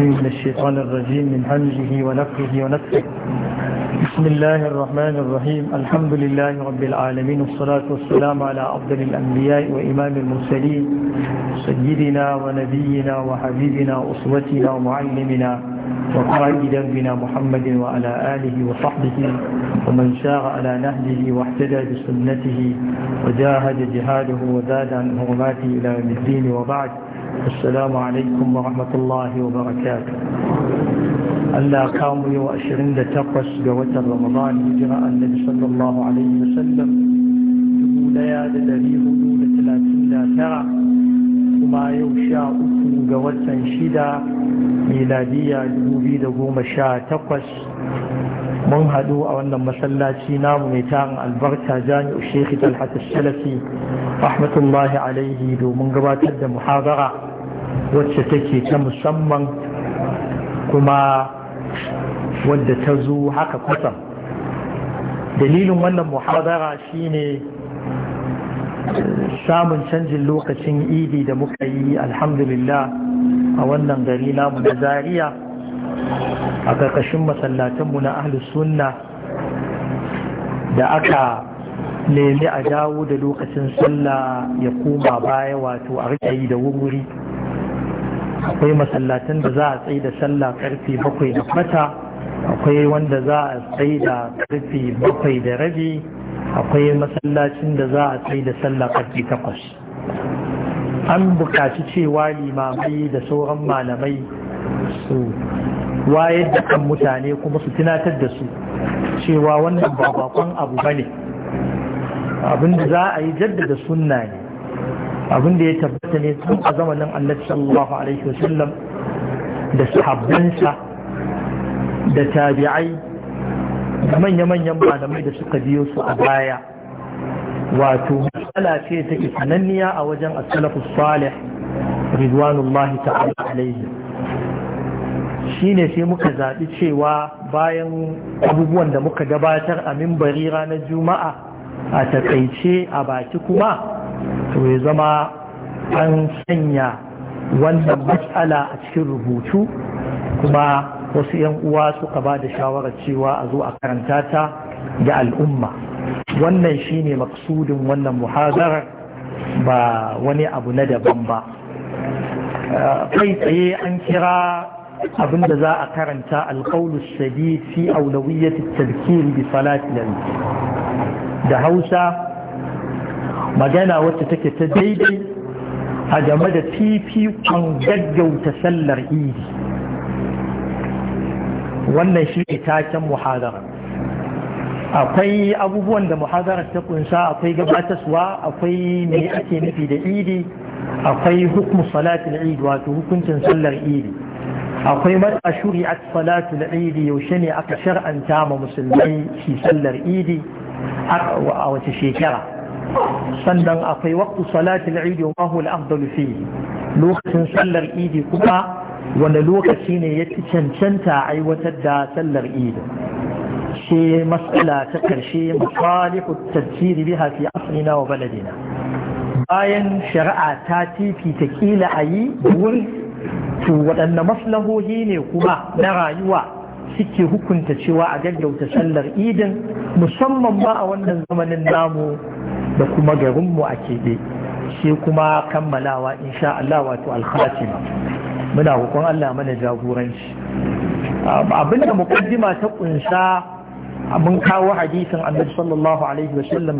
الرحيم من الشيطان الرجيم من همزه ونفه ونفه بسم الله الرحمن الرحيم الحمد لله رب العالمين والصلاة والسلام على أفضل الأنبياء وإمام المرسلين سيدنا ونبينا وحبيبنا وأسوتنا ومعلمنا وقائد بنا محمد وعلى آله وصحبه ومن شاغ على نهجه واحتدى بسنته وجاهد جهاده وزاد عن هرماته إلى يوم الدين وبعد السلام عليكم ورحمة الله وبركاته ألا كامل وأشرين لتقص قوة رمضان جراء النبي صلى الله عليه وسلم يقول يا لدري هدود ثلاثين لا ترى وما يوشى أكو قوة شدة ميلادية جنوبي دقوم شاء تقص mun haɗu a wannan masallaci namu mai tarin albarka jami'u shekhi talhat salafi rahmatullahi alaihi domin gabatar da muhabara wacce take ta musamman kuma wadda ta zo haka kusan dalilin wannan muhabara shine eh, samun canjin lokacin idi da muka yi alhamdulillah a wannan gari namu na zariya a ƙarƙashin masallatanmu na ahlus sunna da aka nemi a dawo da lokacin sallah ya koma baya wato a rike yi da wuri akwai masallatan da za a tsaye da sallah karfe bakwai da fata akwai wanda za a tsaye da karfe bakwai da rabi akwai masallacin da za a tsaye da sallah karfe takwas an bukaci cewa limamai da sauran malamai su wayar da kan mutane kuma su tunatar da su cewa wannan ba bakon abu bane abinda za a yi jaddada sunna ne abinda ya tabbata ne tun a zamanin annabi sallallahu alaihi wasallam da sahabbansa da tabi'ai da manya-manyan malamai da suka biyo su a baya wato matsala ce ke sananniya a wajen asalafu salih ridwanullahi ta'ala alaihi shine sai muka zaɓi cewa bayan abubuwan da muka gabatar a mimbari ranar juma'a a taƙaice a baki kuma to ya zama an sanya wannan matsala a cikin rubutu kuma wasu 'yan uwa suka ba da shawarar cewa a zo a karanta ta ga al'umma wannan shine maksudin wannan muhazarar ba wani abu na daban ba kai tsaye an kira Abinda za a karanta alƙaulu shadi fi aulawiyyat tadkir bi salati da Hausa magana wacce take ta daidai a game da fifikon gaggauta sallar idi wannan shi ne taken muhadara akwai abubuwan da muhadara ta kunsa akwai gabatarwa akwai me ake nufi da idi akwai hukum salatin idi wato hukuncin sallar idi akwai mata shuri'at salatu na idi yaushe ne aka shar'anta ma musulmai shi sallar idi a wace shekara sannan akwai waqtu salati idi wa huwa afdalu lokacin sallar idi kuma wanda lokaci ne ya ci cancanta aiwatar da sallar idi shi matsala ta karshe masalihu tafsiri biha fi asrina wa baladina bayan shari'a ta tifi ta kila ayi wurin to waɗanne maslahohi ne kuma na rayuwa suke hukunta cewa a gaggauta sallar idin musamman ba a wannan zamanin namu da kuma garinmu a keɓe sai kuma kammalawa insha Allah wato alkhatima muna hukun Allah mana jagoranci abinda mukaddima ta kunsa mun kawo hadisin annabi sallallahu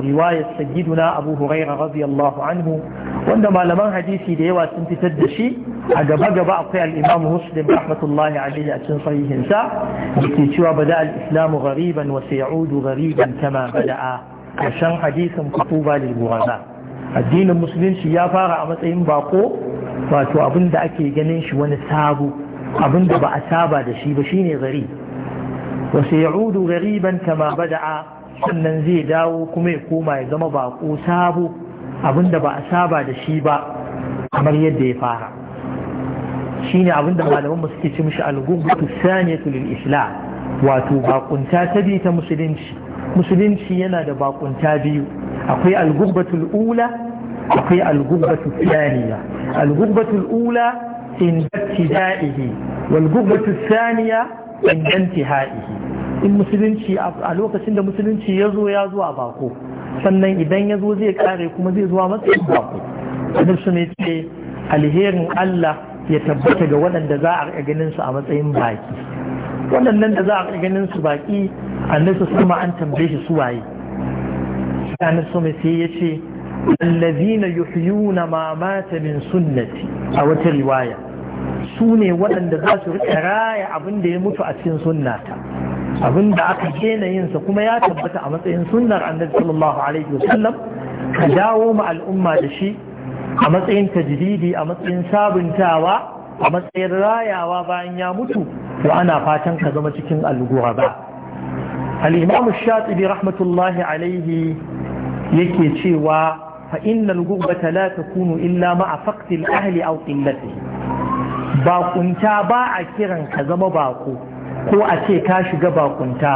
riwayar sayyiduna abu huraira radiyallahu anhu wanda malaman hadisi da yawa sun fitar da shi a gaba gaba akwai al-imam muslim rahmatullahi alaihi a cikin sahihin sa yake cewa bada al-islamu ghariban wa sayaudu ghariban kama bada'a karshen hadisin kutuba lil bughada addinin musulunci ya fara a matsayin bako wato abin ake ganin shi wani sabo abin ba a saba da shi ba shine gari وسيعود غريبا كما بدأ sannan zai dawo kuma ya koma ya zama bako sabo abinda ba a saba da shi ba kamar yadda ya fara shine abinda malaman suke ci mishi al-gubbatu saniyatu lil islam wato bakunta ta biyu ta musulunci musulunci yana da bakunta biyu akwai al ula akwai al-gubbatu thaniya al-gubbatu ula inda ibtidaihi saniya in thaniya inda in musulunci a lokacin da musulunci ya zo ya zuwa bako sannan idan ya zo zai kare kuma zai zuwa matsayin bako wani su ne ce alherin Allah ya tabbata ga waɗanda za a ganin su a matsayin baki waɗannan da za a ganin su baki annabi an tambaye shi su waye annabi sama sai ya ce allazina yuhyuna ma mata min sunnati a wata riwaya su ne waɗanda za su riƙa raya abin da ya mutu a cikin sunnata abin da aka kena yinsa kuma ya tabbata a matsayin sunnar annabi sallallahu alaihi wasallam ka dawo ma al'umma da shi a matsayin tajdidi a matsayin sabuntawa a matsayin rayawa bayan ya mutu to ana fatan ka zama cikin al ba. al-imam ash-shatibi rahmatullahi alaihi yake cewa fa innal ghurbata la takunu illa ma'a faqti al-ahli aw qillatihi ba kunta ba a kiran ka zama bako ko a ce ka shiga bakunta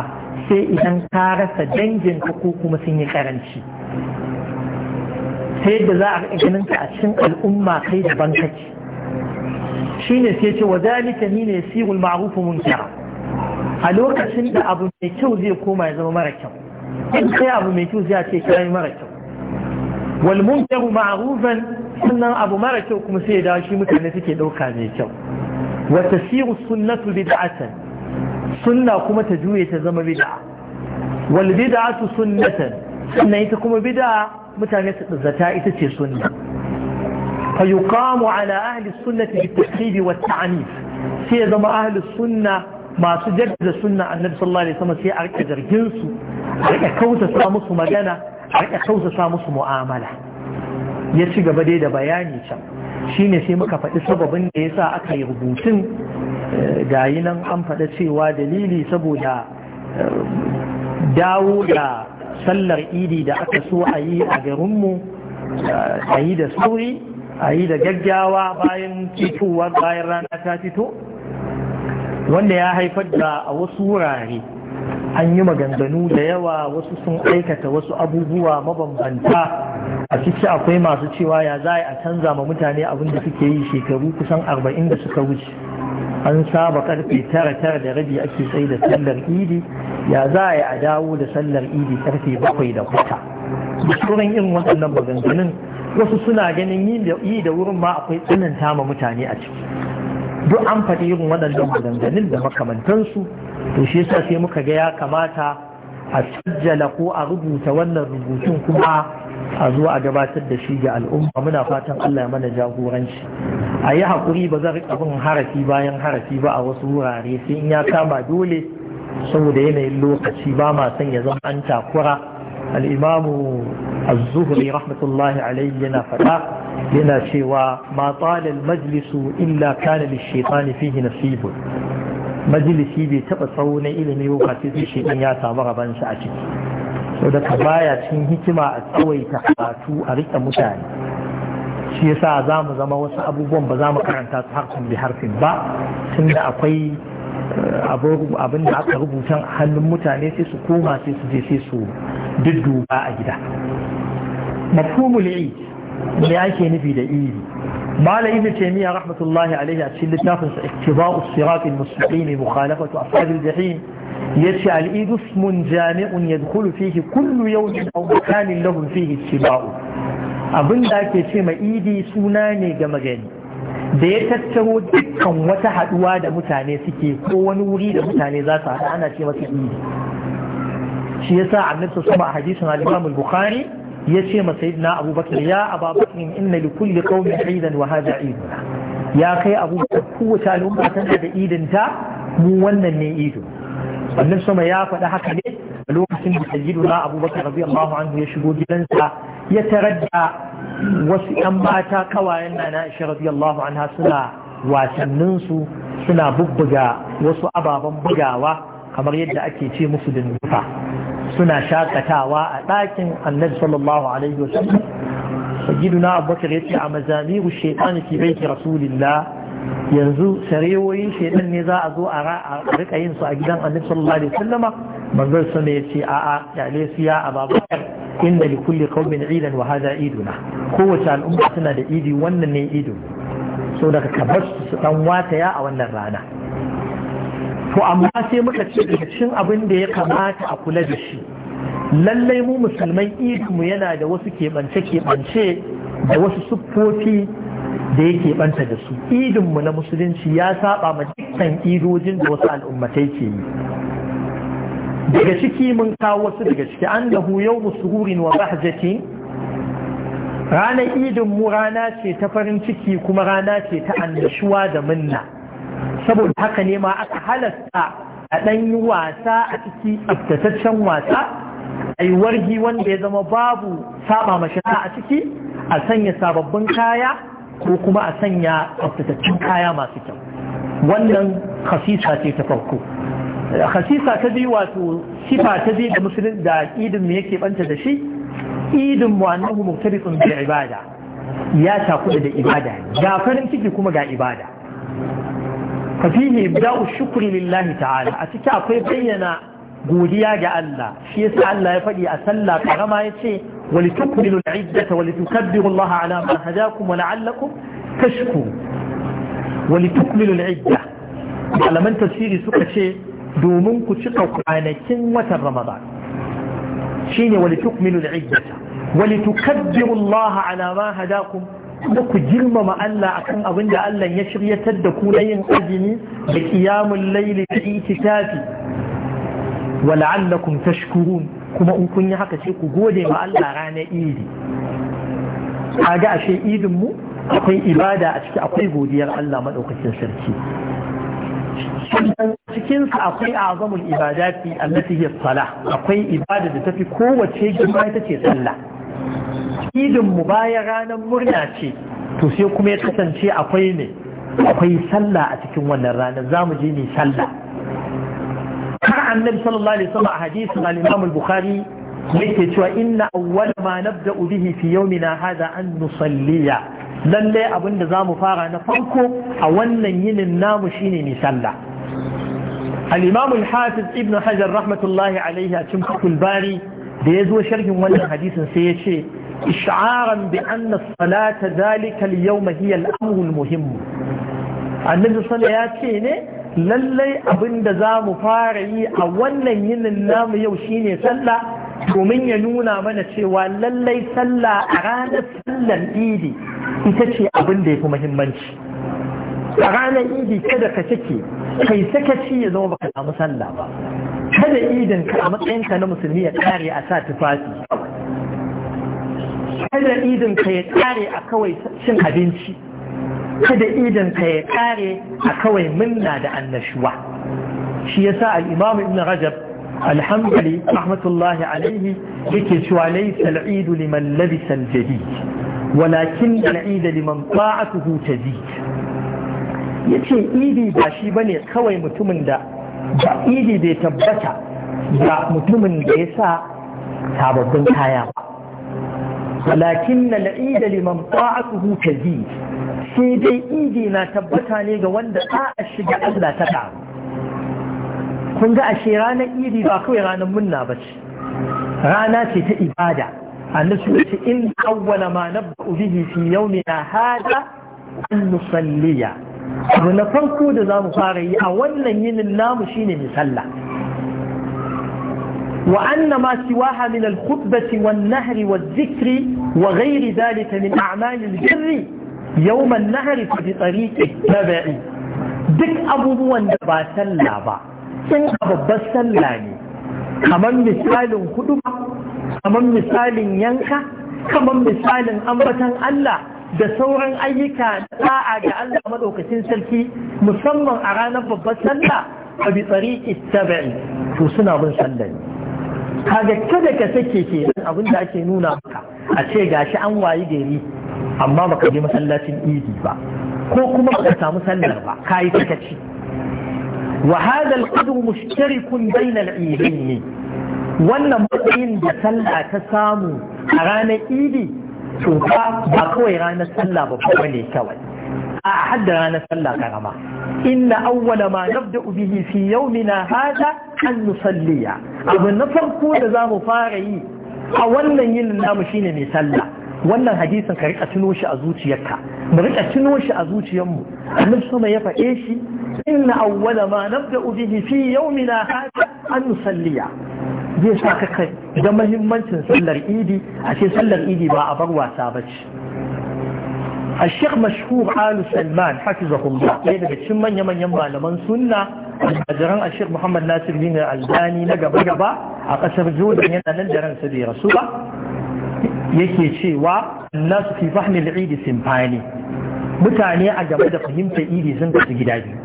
sai idan ka rasa dangin ka ko kuma sun yi karanci sai da za a ganin ka a cikin al'umma kai da bankaci ne sai ce wa zalika ni ne sirul ma'ruf munkara a lokacin da abu mai kyau zai koma ya zama mara kyau in sai abu mai kyau zai ce kai mara kyau wal munkaru ma'rufan sannan abu mara kyau kuma sai ya dawo shi mutane suke dauka mai kyau wa tasiru sunnatu bid'atan sunna kuma ta juye ta zama bid'a wal bid'atu sunnatan ita kuma bid'a mutane su zata ita ce sunna fa yuqamu ala ahli sunnati bi tawhid wa ta'nif sai ya zama ahli sunna masu jaddada sunna annabi sallallahu alaihi wasallam sai a rike zargin su a rike kauta sa musu magana a rike kauta sa musu mu'amala ya ci gaba dai da bayani can shine sai muka faɗi sababin da yasa aka yi rubutun gayi nan an faɗa cewa dalili saboda eh, dawo da sallar idi da aka so a yi a garinmu eh, a yi da sauri a yi da gaggawa bayan fitowar bayan rana ta fito wanda ya haifar da a wasu wurare an yi maganganu da yawa wasu sun aikata wasu abubuwa mabambanta a ciki akwai masu cewa ya za a canza ma mutane abin da suke yi shekaru kusan arba'in da suka wuce an saba karfe tara tara da rabi ake tsaye da sallar idi ya za a yi a dawo da sallar idi karfe bakwai da kuta sauran irin waɗannan maganganun wasu suna ganin yi da wurin ma akwai tsananta ma mutane a ciki duk an faɗi irin waɗannan maganganun da makamantansu to shi yasa sai muka ga ya kamata a sajjala ko a rubuta wannan rubutun kuma a zuwa a gabatar da shi ga al'umma muna fatan Allah ya mana jagoranci a yi haƙuri ba zan riƙa bin harafi bayan harafi ba a wasu wurare sai in ya kama dole saboda yanayin lokaci ba ma san ya zama an takura al'imamu az-zuhri rahmatullahi alayhi yana faɗa yana cewa ma tsala majlisu illa kana lish-shaytani fihi nasibun majalisi bai taɓa tsawo na ilimi ba sai shi ya samu rabansa a ciki sau da ka baya cin hikima a tsawaita karatu a rika mutane shi yasa za mu zama wasu abubuwan ba za mu karanta su harfin bi harfin ba Tun da akwai eh, abin da aka rubuta a hannun mutane sai su koma sai su je sai su dudduba a gida mafhumul eid me ake nufi da iri mala ibn taymiya rahmatullahi alaihi a cikin littafin sa iktiba'u sirat al-mustaqim mukhalafatu ashab al-jahim yace al-id ismun jami'un yadkhulu fihi kullu yawmin aw makanin lahum fihi ittiba'u abinda ake ce ma idi suna ne ga magani da ya tattaro dukkan wata haɗuwa da mutane suke ko wani wuri da mutane za su haɗu ana ce masa idi shi yasa annabi sallallahu alaihi wasallam a hadisin al-Imam al ya ce ma sayyidina abubakar ya ababakar inna li kulli qaumin aidan wa hada iduna ya kai abubakar kowace al'umma tana da idinta mu wannan ne ido wannan sama ya faɗi haka ne a lokacin da na abubakar radiyallahu anhu ya shigo gidansa ya tarar da wasu 'yan mata kawayen na na'isha radiyallahu anha suna wasanninsu suna bubbuga wasu ababen bugawa kamar yadda ake ce musu da nufa suna shakatawa a ɗakin annabi sallallahu alaihi wa sallam sayyiduna abubakar ya a mazamiru ki baiti rasulillah yanzu sarewoyin shaitan ne za a zo a rika yin su a gidan annabi sallallahu alaihi wa sallama manzon sa ya ce a'a kyale su ya ababakar inda li kulli qaumin idan wa hada iduna kowace al'umma suna da idi wannan ne idin so daga kabas su dan wataya a wannan rana to amma sai muka ce daga cikin abin da ya kamata a kula da shi lallai mu musulman mu yana da wasu keɓance-keɓance da wasu siffofi da ya keɓanta da su mu na musulunci ya saba ma dukkan idojin da wasu al'ummatai ke yi daga ciki mun kawo wasu daga ciki an da yau musuhurin wa bahjati ranar idinmu rana ce ta farin ciki kuma rana ce ta annashuwa da minna saboda haka ne ma aka halasta a ɗan yi wasa a ciki tsaftataccen wasa a yi wargi wanda ya zama babu saba mashina a ciki a sanya sababbin kaya ko kuma a sanya tsaftataccen kaya masu kyau wannan khasisa ce ta farko khasisa ta biyu wato sifa ta biyu da musulun da idin mu yake banta da shi idin mu annahu mubtariqun ibada ya takuda da ibada ga farin ciki kuma ga ibada fa fihi ibda'u shukri lillahi ta'ala a ciki akwai bayyana godiya ga Allah shi yasa Allah ya faɗi a sallah karama yace wal tukmilu al-iddata wal tukabbiru Allah ala ma hadakum wa la'allakum tashkuru wal tukmilu al-idda malaman tafsiri suka ce domin ku cika kwanakin watan Ramadan shine wal tukmilu al da ku girmama Allah akan abin da Allah ya shiryatar da ku na yin azumi da kiyamun layli da itikafi wa la'allakum tashkurun kuma in kun yi haka sai ku gode ma Allah ranar idi kaga ashe idin mu akwai ibada a ciki akwai godiyar Allah madaukakin sarki sannan cikin sa akwai azamul ibadati allati hiya salah akwai ibada da tafi kowace girma ita ce sallah idin mu baya ranar murna ce to sai kuma ya kasance akwai ne akwai sallah a cikin wannan ranar za mu je ne sallah har annabi sallallahu alaihi wasallam a hadisin al-Imam al-Bukhari yake cewa inna awwala ma nabda'u bihi fi yawmina hadha an nusalliya lalle abin za mu fara na farko a wannan yinin namu shine ni sallah al-Imam al-Hafiz Ibn Hajar rahmatullahi alaihi a cikin Fathul da ya zo sharhin wannan hadisin sai ya ce isha'aran bi anna salata zalika al-yawma hiya al-amru al-muhim annabi sallallahu ya ce ne lallai abinda za mu fara yi a wannan yinin namu yau shine sallah domin ya nuna mana cewa lallai sallah a ranar sallar idi ita ce abin da ya fi muhimmanci a ranar idi kada ka cike kai sakaci ya zama baka samu sallah ba kada idan ka a matsayinka na musulmi ya kare a sa tufafi kada idan ka ya kare a kawai cin abinci kada idan ka ya kare a kawai minna da annashuwa shi yasa sa imam ibn rajab alhamdulillah rahmatullahi alaihi yake cewa laysa al liman labisa al walakin al-eid liman ta'atuhu tadid yace idi ba shi bane kawai mutumin da da idi bai tabbata ga mutumin da ya sa sababbin kaya ba Lakin na la'ida liman ta'atuhu zi sai dai idi na tabbata ne ga wanda a shiga Allah ta ƙaru. kun ga ashe ranar idi ba kawai ranar munna ba ce rana ce ta ibada a ya ce in awwala ma nabba'u bihi fi na hada an musalliya. abu farko da za mu fara yi a wannan yinin namu shine misalla wa anna ma siwaha min al-khutbati wan nahri wal wa gairi dhalika min a'mal al-birri yawm nahari nahri fi tariqi tabi'i duk abubuwan da ba sallah ba sun ba sallah ne kaman misalin huduma kaman misalin yanka kaman misalin ambatar Allah da sauran ayyuka da sa'a ga Allah maɗaukacin sarki musamman a ranar babbar sallah a bi tsariƙi to suna bin sallah ne kada ka sake ke abin da ake nuna maka a ce gashi an wayi gari amma baka je masallacin idi ba ko kuma baka samu sallar ba kayi sakaci wa hadha al-qadru mushtarikun bayna al-idayn wannan matsayin da sallah ta samu a ranar idi cuta ba kawai ranar sallah ba kuma ne kawai a hadda ranar sallah karama inna awwala ma nabda'u bihi fi yawmina hada an nusalliya abu na farko da zamu fara yi a wannan yin namu shine mai sallah wannan hadisin ka rika tuno shi a zuciyarka mu rika tuno shi a zuciyarmu annabi sama ya faɗe shi inna awwala ma nabda'u bihi fi yawmina hada an nusalliya zai sa ka kai da mahimmancin sallar idi a ce sallar idi ba a bar wasa ba ce a shek mashhur alu salman hafizahullah ɗaya daga cikin manya-manyan malaman sunna jiran a shek muhammad nasir bin albani na gaba-gaba a ƙasar jordan yana nan da ransa bai rasu ba yake cewa nasu fi fahimil idi simfani mutane a game da fahimtar idi sun kasu gida biyu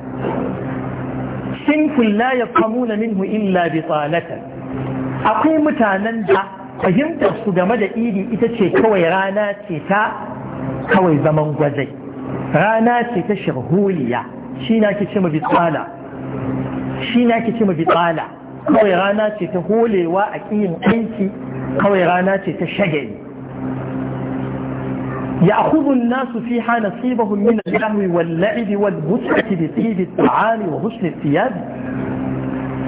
sinful la yafhamuna minhu illa bi akwai mutanen da fahimtar su game da idi ita ce kawai rana ce ta kawai zaman gwazai rana ce ta shirhuliya shi na ke ce mabitsala shi na ke ce mabitsala kawai rana ce ta holewa a ƙiyin aiki kawai rana ce ta shagari ya nasu fi hana shagali يأخذ الناس فيها نصيبهم من اللهو واللعب والمتعة بطيب الطعام وحسن الثياب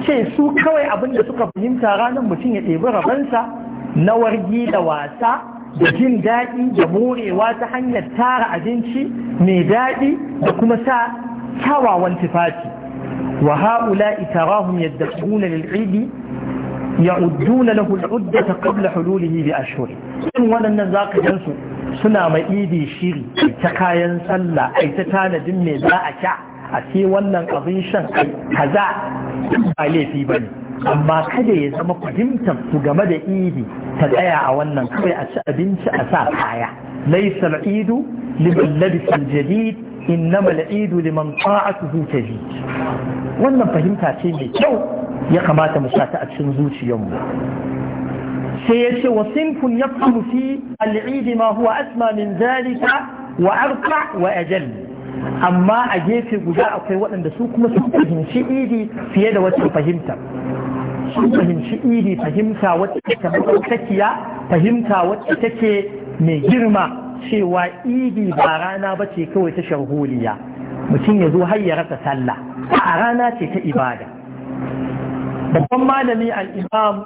ce su kawai abin da suka fahimta ranar mutum ya ɗebi rabansa na wargi da wasa da jin daɗi da morewa ta hanyar tara abinci mai daɗi da kuma sa kyawawan tufafi wa ha'ula itarahum yaddaquna lil na ya'udduna lahu al-uddata qabla hululihi bi ashhur in waɗannan zaka gansu suna mai idi shiri ta kayan sallah ai ta tanadin me za a sha a ce wannan abin shan kaza ba laifi ba ne amma kada ya zama fahimtar su game da idi ta tsaya a wannan kawai a ci abinci a sa kaya laisa al'idu liman labisa jadid innama la'idu liman ta'atuhu tajid wannan fahimta ce mai kyau ya kamata mu sa ta a cikin zuciyarmu sai ya ce wa sinfun yaqulu fi al'idi ma huwa asma min zalika wa arfa wa ajal amma a gefe guda akwai waɗanda su kuma sun fahimci idi fiye da wacce fahimta sun fahimci idi fahimta wacce ta fahimta wacce take mai girma cewa idi ba rana ba ce kawai ta sharholiya mutum ya zo har ya rasa sallah a rana ce ta ibada babban malami al-imam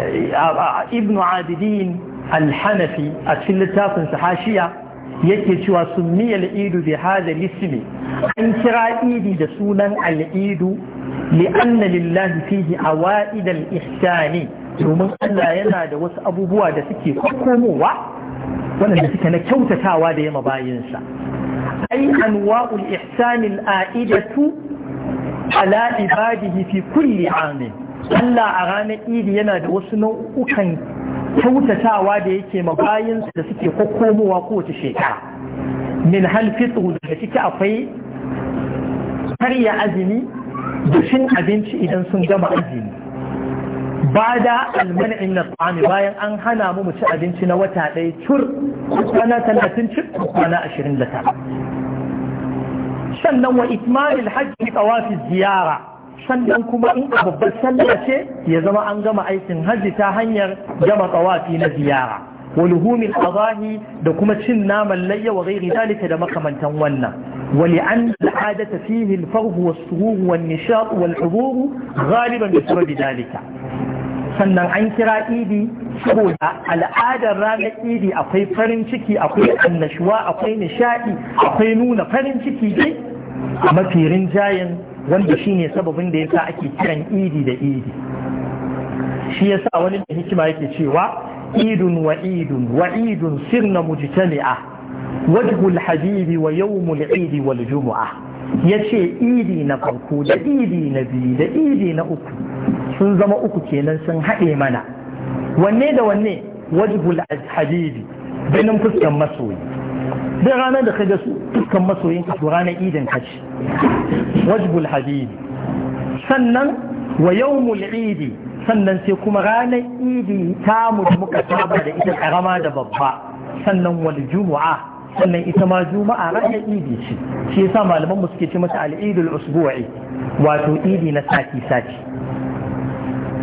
eh, ibnu abidin al-hanafi a cikin littafin sahashiya yake cewa summi al'idu bi hada an kira idi da sunan al'idu li'anna lillahi fihi awa'id al-ihsani domin Allah yana da wasu abubuwa da suke komowa waɗanda suke na kyautatawa da yama bayinsa ai anwa'ul ihsani al-a'idatu ala ibadihi fi kulli amin Allah a ranar idi yana da wasu nau'ukan kyautatawa da yake ma da suke kokomowa kowace shekara min halfitu da ciki akwai karya azumi da cin abinci idan sun gama azumi ba da almanin na tsami bayan an hana mu mu ci abinci na wata ɗaya cur kwana talatin cir kwana ashirin da tara sannan wa itmamil hajji tawafi ziyara sannan kuma in a babbar sallah ce ya zama an gama aikin hajji ta hanyar gama tsawafi na ziyara waluhumin azahi da kuma cin naman layya wa gairi zalika da makamantan wannan wali an al'ada ta fihi alfarhu wa suhuhu wa nishaɗu wa da sababi sannan an kira idi saboda al'adar ranar idi akwai farin ciki akwai annashuwa akwai nishaɗi akwai nuna farin ciki dai mafi rinjayen wanda ne sababin da ya sa ake kiran idi da idi shi ya sa wani da hikima yake cewa idun wa idun wa idun sirna mujtami'a wajhul habibi wa yawmul idi wal jumu'a ce idi na farko da idi na biyu da idi na uku sun zama uku kenan sun haɗe mana wanne da wanne wajhul habibi ganin fuskan masoyi duk ranar da ka ga su fuskan masoyin ka ranar idin ka ce wajbul hadidi sannan wa yawmul idi sannan sai kuma ranar idi tamu da muka saba da ita karama da babba sannan wal juma'a sannan ita ma juma'a ranar idi ce shi yasa malaman mu suke ce mata al-idul usbu'i wato idi na sati sati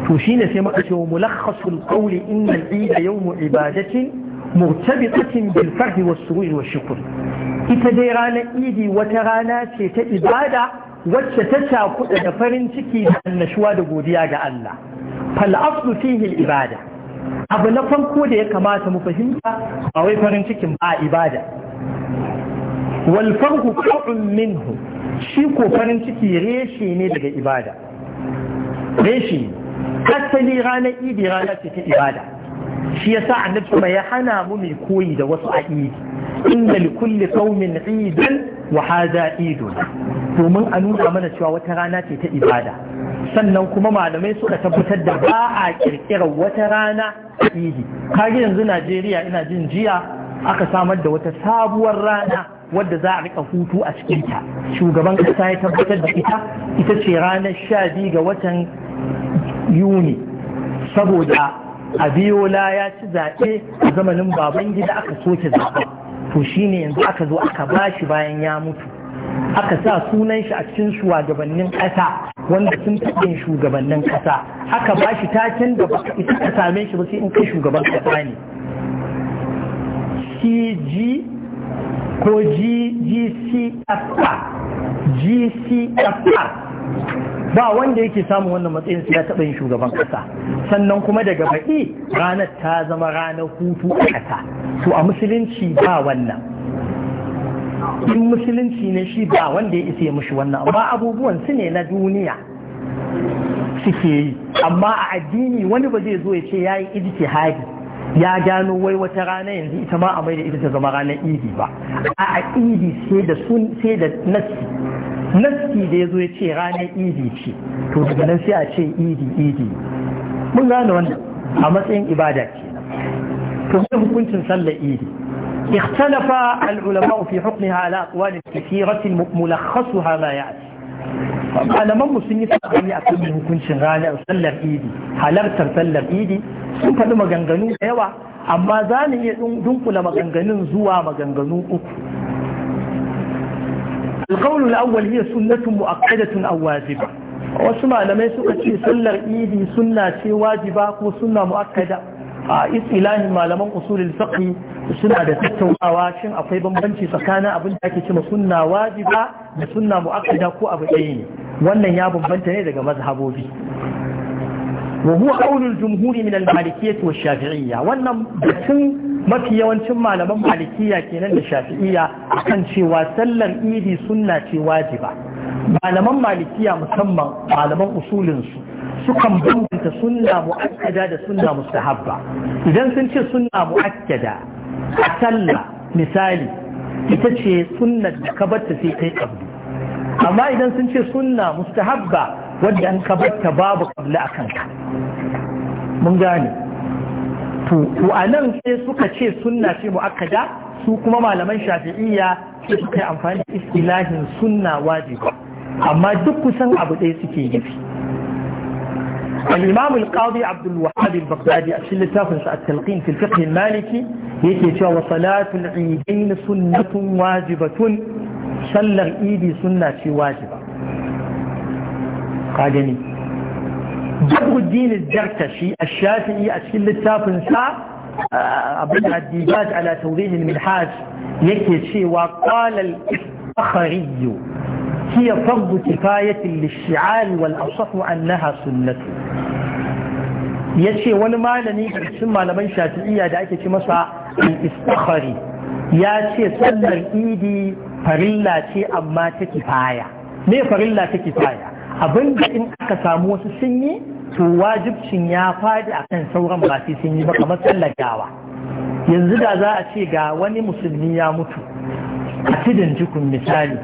to shine sai muka ce wa mulakhasul qawli innal ida yawmu ibadatin murtabitatin bil farhi was sururi wash shukr ita dai ranar idi wata rana ce ta ibada wacce ta cakuɗa da farin ciki da annashuwa da godiya ga Allah fal'afdu fihil ibada abu na farko da ya kamata mu fahimta ba wai farin cikin ba ibada wal farhu qat'un minhu shi ko farin ciki reshe ne daga ibada reshe ni ranar idi rana ce ta ibada shi yasa sa kuma ya hana mu mai koyi da wasu a idi inda li kulli qaumin idan wa hadha idun domin a nuna mana cewa wata rana ce ta ibada sannan kuma malamai suka tabbatar da ba a kirkirar wata rana idi kage yanzu Najeriya ina jin jiya aka samar da wata sabuwar rana wadda za a rika hutu a cikin ta. shugaban kasa ya tabbatar da ita ita ce ranar sha biyu ga watan yuni saboda abiola ya ci zaɓe a zamanin baban gida aka soke zaɓe to shine yanzu aka zo aka ba shi bayan ya mutu aka sa sunan shi a cikin shugabannin ƙasa wanda sun taɓin shugabannin ƙasa aka ba shi taken da ba ita ka same shi ba sai in kai shugaban ƙasa ne cg ko gcfr gcfr ba wanda yake samun wannan matsayin sai ya taɓa yin shugaban ƙasa sannan kuma daga baƙi ranar ta zama ranar hutu a ƙasa to a musulunci ba wannan in musulunci ne shi ba wanda ya isa mushi wannan amma abubuwan su ne na duniya suke yi amma a addini wani ba zai zo ya ce ya yi ijtihadi ya gano wai wata rana yanzu ita ma a mai da ita ta zama ranar idi ba a idi sai da sun sai da nasi nasti da ya zo ya ce ranar idi ce to daga nan sai a ce idi idi mun gane wanda. a matsayin ibada ce to hukuncin sallar idi اختلف العلماء في حكمها على أقوال كثيرة ملخصها ما يأتي malaman mu sun yi sabani a kan hukuncin ranar sallar idi halartar sallar idi sun faɗi maganganu da yawa amma za mu iya dunkula maganganun zuwa maganganu uku القول الأول هي سنة مؤكدة أو واجبة وسمع لما يسوك شيء سنة إيدي سنة شيء واجبة وسنة مؤكدة إسئلان ما لمن أصول الفقه سنة تتون أواشن أطيبا بنشي سكانا أبن تاكي كما سنة واجبة بسنة مؤكدة كو أبعين وأن يابن بنتني لغا مذهبو بي وهو قول الجمهور من المالكية والشافعية وأن بسن mafi yawancin malaman malikiya kenan da shafi'iya akan cewa sallar idi sunna ce wajiba malaman malikiya musamman malaman usulinsu sukan bambanta sunna mu'akkada da sunna mustahabba idan sun ce sunna mu'akkada a sallah misali ita ce sunna da ka batta sai kai kabdu amma idan sun ce sunna mustahabba wadda an ka batta babu kabla akan ka, mun gane to a nan sai suka ce sunna ce mu'akkada su kuma malaman shafi'iyya sai suka yi amfani da istilahin sunna wajiba amma duk kusan abu ɗaya suke nufi الإمام القاضي عبد الوهاب البغدادي أشل تافنس التلقين في الفقه المالكي يكي وصلاة العيدين سنة واجبة صلى الإيدي سنة واجبة قاجني jabruddin darkashi a shafi'i a cikin littafinsa abin da dibaj ala taurihin minhaj yake cewa qalal akhariyu هي فرض كفاية للشعار والأصح أنها سنة yace wani malami a malaman shafi'iyya da ake ci masa al-istikhari ya ce sallar idi farilla ce amma ta kifaya me farilla ta kifaya abin da in aka samu wasu sun yi to wajibcin ya faɗi a kan sauran ba sai sun yi ba kamar tsallakawa yanzu da za a ce ga wani musulmi ya mutu a tidin jikun misali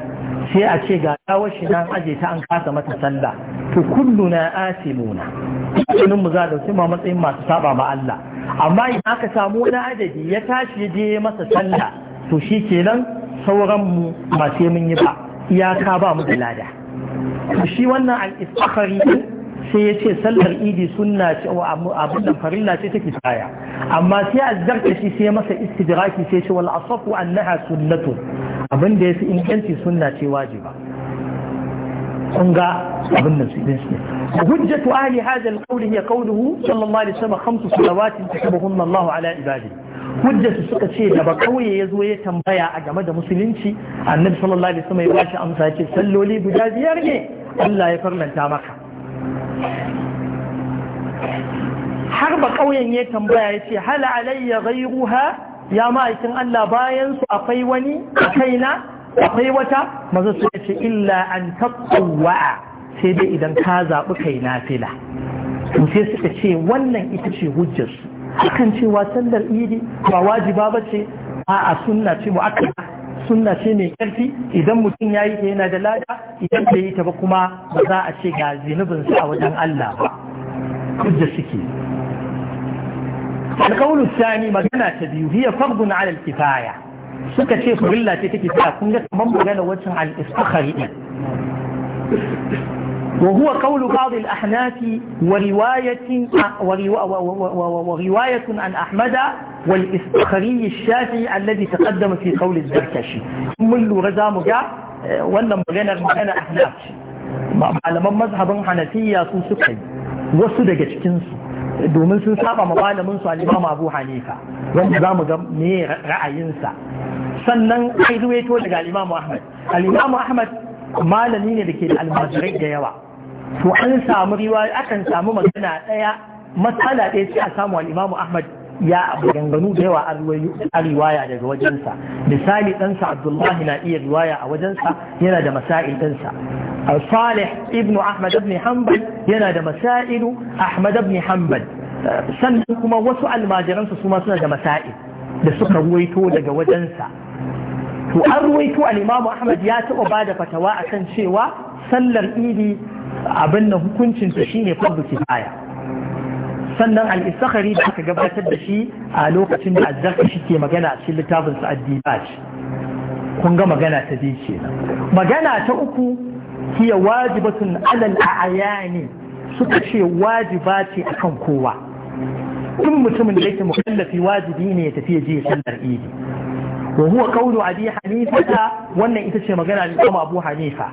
sai a ce ga gawar shi nan aje ta an kasa mata sallah to kullu na asimuna kullun mu za dauki ma matsayin masu saba ma Allah amma in aka samu wani adadi ya tashi ya je masa sallah to shi kenan sauran mu ba sai mun yi ba iyaka ba mu da lada shi wannan al-istikhari sai ya ce sallar idi sunna ce abin da farilla ce take tsaya amma sai a zarta shi sai masa istidraki sai ce wal asafu annaha sunnatu abin da yafi inganci sunna ce wajiba kun ga abin nan sai su hujjatu ahli hadha al-qawl hiya qawluhu sallallahu alaihi wasallam khamsu salawat tasabbahu allahu ala ibadihi hujjarsu suka ce da ba kauye ya zo ya tambaya a game da musulunci annabi sallallahu alaihi wasallam ya bashi amsa ce salloli guda biyar ne Allah ya farlanta maka har ba kauyen ya tambaya ya ce hal alayya ghayruha ya ma'aikin Allah bayan su akwai wani na, akwai wata maza su ce illa an taqwa sai dai idan ka zabi kai nafila sai suka ce wannan ita ce hujjarsu akan cewa sallar idi ba wajiba ba ce a a sunna ce mu'akkada sunna ce mai ƙarfi idan mutum ya yi ta yana da lada idan bai yi ta ba kuma ba za a ce ga sa a wajen Allah ba kujja suke alƙawulu magana ta biyu hiya fardun alal kifaya suka ce farilla ce take fiya kun ga kamar magana wacin al-istikhari وهو قول بعض الأحناف ورواية, ورواية عن أحمد والإسخري الشافعي الذي تقدم في قول الزركشي من غزا مجا wannan maganar magana ahnaf malaman mazhabin hanafiya sun suka yi wasu daga domin sun saba ma malamin su Abu Hanifa wanda za mu ga me ra'ayinsa sannan ai ruwaito daga alimamu Ahmad al Ahmad malami ne da ke da almajirai da yawa to an samu riwaya akan samu magana ɗaya matsala ɗaya sai a samu al'imamu ahmad ya maganganu da yawa a riwaya daga wajensa misali ɗansa abdullahi na iya riwaya a wajensa yana da masa'il ɗansa salih ibnu ahmad ibn hanbal yana da masa'ilu ahmad ibn hanbal sannan kuma wasu almajiransa su ma suna da masa'il da suka ruwaito daga wajensa to an ruwaito al'imamu ahmad ya taɓa ba da fatawa akan cewa sallar idi abin da hukuncinsa shi ne fardu kifaya sannan al-istakhari da aka gabatar da shi a lokacin da azzaka shi ke magana a cikin littafin sa addibaj kun ga magana ta biyu ce magana ta uku hiya wajibatun alal a'yani suka ce wajiba ce akan kowa Tun mutumin da yake mukallafi wajibi ne ya tafi je sallar idi wa huwa qawlu abi hanifa wannan ita ce magana ne kuma abu hanifa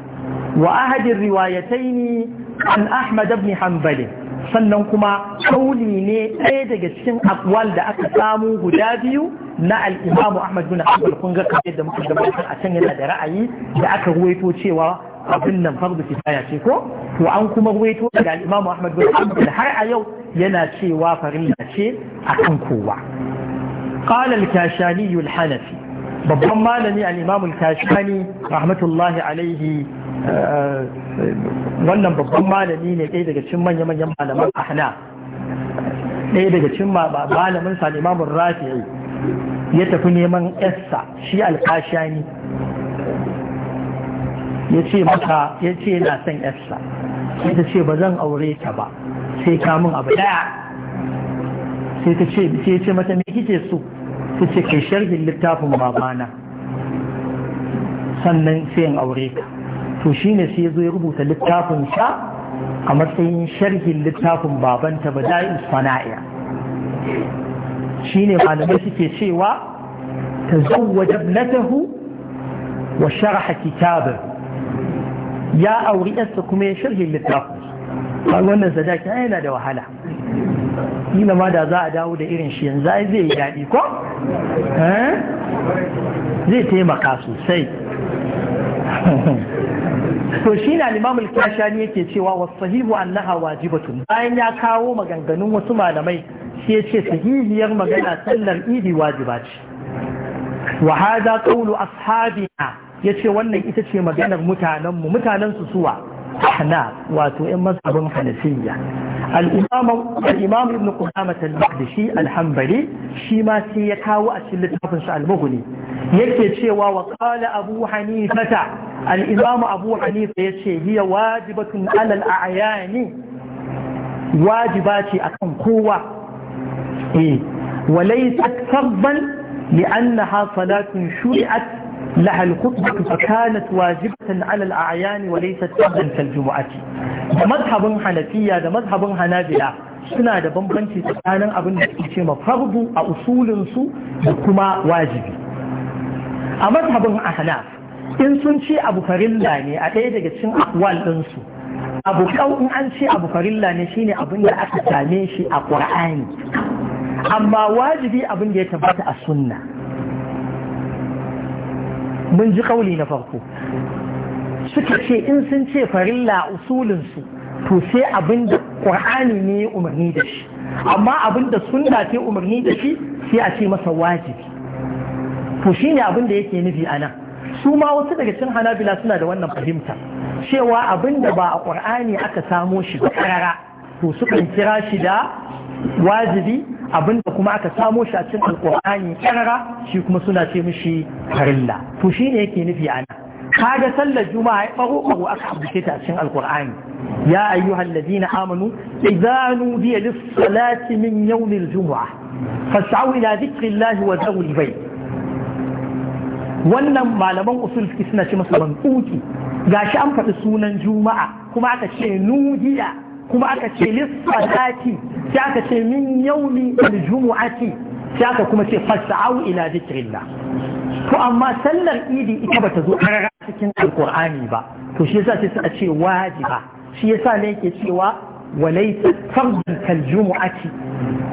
wa ahadin riwayataini an ahmad ibn hanbal sannan kuma kauli ne ɗaya daga cikin akwal da aka samu guda biyu na al-imam ahmad bin hanbal kun ga kamar yadda muka gabatar a can yana da ra'ayi da aka ruwaito cewa abin nan fardu kifaya ce ko to an kuma ruwaito daga al-imam ahmad bin hanbal har a yau yana cewa farilla ce akan kowa قال الكاشاني الحنفي babban malami al'imamul kashani rahmatullahi alaihi eh, eh, wannan babban malami ne ɗaya daga cikin manya-manyan malaman ahna ɗaya daga cikin malamin sa al'imamun rafi'i ya tafi neman essa shi al-kashani ya ce maka ya ce yana son essa sai ta ce ba zan aure ta ba sai kamun abu daya sai ta ce sai ce mata me kike so ta ce kai sharhin littafin babana sannan sai in aure ka to shine sai ya zo ya rubuta littafin sha a matsayin sharhin littafin babanta ba da'i sana'a ne malamai suke cewa tazawwaja ibnatahu wa sharaha kitabahu ya auri yarsa kuma ya sharhin littafin wannan sadaki yana da wahala Ina ma da za a dawo da irin shi yanzu zai yi daɗi ko? Eh? zai taimaka sosai to shi na limamul kashani yake cewa wasu sahihu annaha wajibatun bayan ya kawo maganganun wasu malamai sai ya ce sahihiyar magana sallar idi wajiba ce wa hada qawlu ashabina yace wannan ita ce maganar mutanenmu mutanensu suwa hana wato 'yan mazhabin hanafiya الإمام ابن قدامة المقدشي الحنبلي شيما سيكاو أسلة حفظ المغني يكتشي وقال أبو حنيفة الإمام أبو حنيفة يكتشي هي واجبة على الأعيان واجباتي أكم قوة إيه وليست فرضا لأنها صلاة شرعت لها الخطبة فكانت واجبة على الأعيان وليست فرضا كالجمعة مذهب حنفية مذهب حنابلة suna da bambanci tsakanin abin da أصول ce كما واجب a usulinsu kuma wajibi a in sun ce abu farilla ne a ɗaya daga cin akwal ɗinsu abu in an ce abu farilla ne shine abin da aka same shi a ƙur'ani amma wajibi abin da ya tabbata a sunna mun ji kauli na farko suka ce in sun ce farilla usulinsu to sai abin da ƙur'ani ne umarni da shi amma abin da sunna ce umarni da shi sai a ce masa wajibi to shine abin da yake nufi a nan su ma wasu daga cikin hanabila suna da wannan fahimta cewa abin da ba a ƙur'ani aka samo shi ba karara to sukan kira shi da wajibi abinda kuma aka samo shi a cikin alkur'ani karara shi kuma suna ce mishi farilla to ne yake nufi ana kaga sallar juma'a ya baro baro aka abuce ta a cikin alkur'ani ya ayyuhal ladina amanu idza nudiya lis-salati min yawmil jumu'a fas'au ila dhikrillahi wa dhawil bayt wannan malaman usul suna ce masa Ga gashi an faɗi sunan juma'a kuma aka ce nudiya kuma aka ce lissalati sai aka ce min yaumi aljumu'ati sai aka kuma ce fas'au ila dhikrillah to amma sallar idi ita bata zo karara cikin alqur'ani ba to shi yasa sai suka ce wajiba shi yasa ne yake cewa walaita fardun kal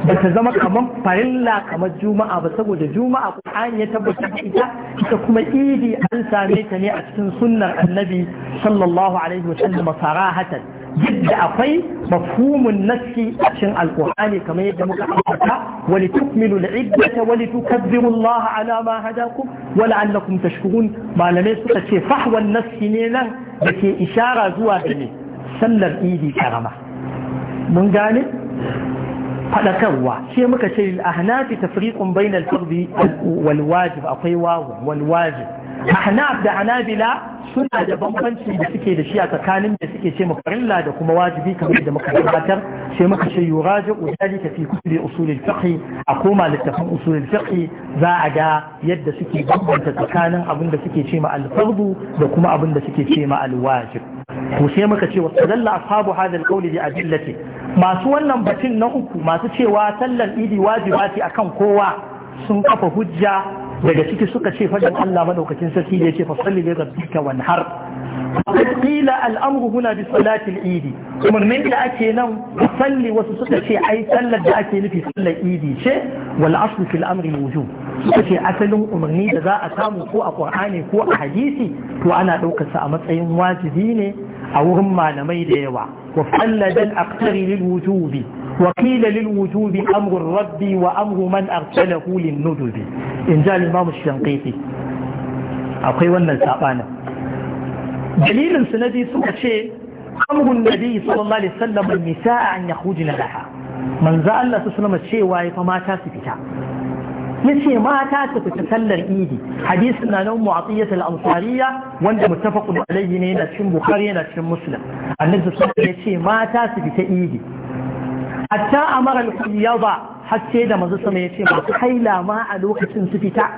bata zama kamar farilla kamar juma'a ba saboda juma'a qur'ani ya tabbatar da ita ita kuma idi an same ta ne a cikin sunnar annabi sallallahu alaihi wa sallam sarahatan yadda akwai mafhumun nassi a cikin alkur'ani kamar yadda muka ambata wani li tukmilu al-iddata wa li tukabbiru Allah ala ma hadakum wa la'allakum tashkurun malamai suka ce fahwan nassi ne nan da ke ishara zuwa da ne sallar idi karama mun gane fadakarwa sai muka ce lil ahnafi tafriqun bainal fardi wal wajib akwai wawu wal wajib ahnaf da anabila suna da bambanci da suke da shi a tsakanin da suke ce mafarilla da kuma wajibi kamar da muka gabatar sai muka ce yuraji ujali ta fi kusurin usulin fiqh a koma littafin usulin fiqh za a ga yadda suke bambanta tsakanin abin da suke ce ma da kuma abin da suke ce ma alwajib to sai muka ce wasu dalla ashabu hadal qawli bi adillati masu wannan batun na uku masu cewa sallar idi wajibati a akan kowa sun kafa hujja daga ciki suka ce fadin Allah madaukakin sarki da ya ce fa salli li rabbika wanhar qila al'amru huna bi salati al-eid umarnin da ake nan salli wasu suka ce ai sallar da ake nufi sallar idi ce wal asl amri wujub suka ce asalin umarni da za a samu ko a qur'ani ko a hadisi to ana daukar sa a matsayin wajibi ne a wurin malamai da yawa وفلد الأقتر للوجوب وقيل للوجوب أمر الرب وأمر من أرسله للنجب إن جاء الإمام الشنقيطي أقوي ون سابانا دليل سندي سوى شيء أمر النبي صلى الله عليه وسلم النساء أن يخرجن لها من ذا الله سلم الشيء ما تاسفتها yace mata su fita sallar idi hadisin na nan mu'atiyyat al-ansariya wanda muttafaqun alayhi ne na cikin bukhari yana cikin muslim annabi sallallahu alaihi yace mata su fita idi hatta amara al-qiyada hatta da manzo sama yace masu haila ma a lokacin su fita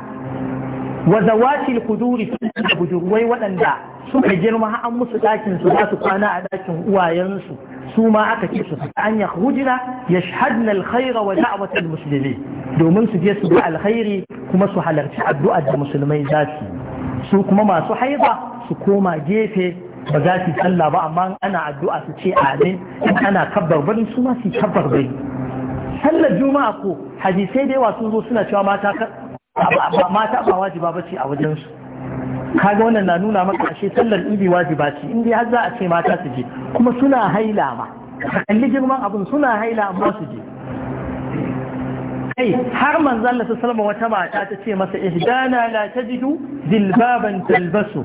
wa zawati al-quduri da budurwai waɗanda suka girma an musu dakin su za su kwana a ɗakin uwayensu suma aka ce su an ya hujira ya shahadna alkhaira a da'watul musulmi domin su je su bi alkhairi kuma su halarci addu'a da musulmai za su kuma masu haiza su koma gefe ba za su salla ba amma ana addu'a su ce amin ana kabbar barin su ma su kabbar bai sallar juma'a ko hadisai da yawa sun suna cewa mata mata ba wajiba bace a wajen su kaga wannan na nuna maka ashe sallar idi wajiba ce in dai har za a ce mata su je kuma suna haila ma kalli girman abin suna haila amma su je kai har manzon Allah sallallahu wata mata ta ce masa ihdana la tajidu dilbaban talbasu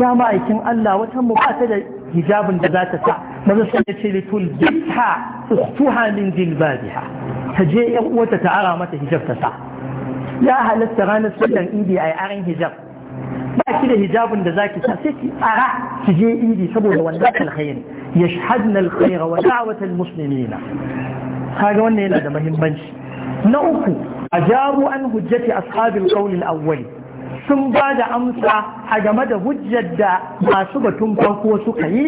ya ma'aikin Allah wata mu ba ta da hijabin da za ta sa maza sun ce litul bitha ustuha min dilbabiha ta je yan uwata ta ara mata hijab ta sa ya halatta ranar sallan idi a aran hijab ba ki da hijabin da zaki sa sai ki ara ki je idi saboda wannan alkhair yashhadna alkhair wa da'wat almuslimina kaga wannan yana da muhimmanci na uku ajabu an hujjati Ashabin qawl alawwal sun ba da amsa a game da hujjar da masu batun farko suka yi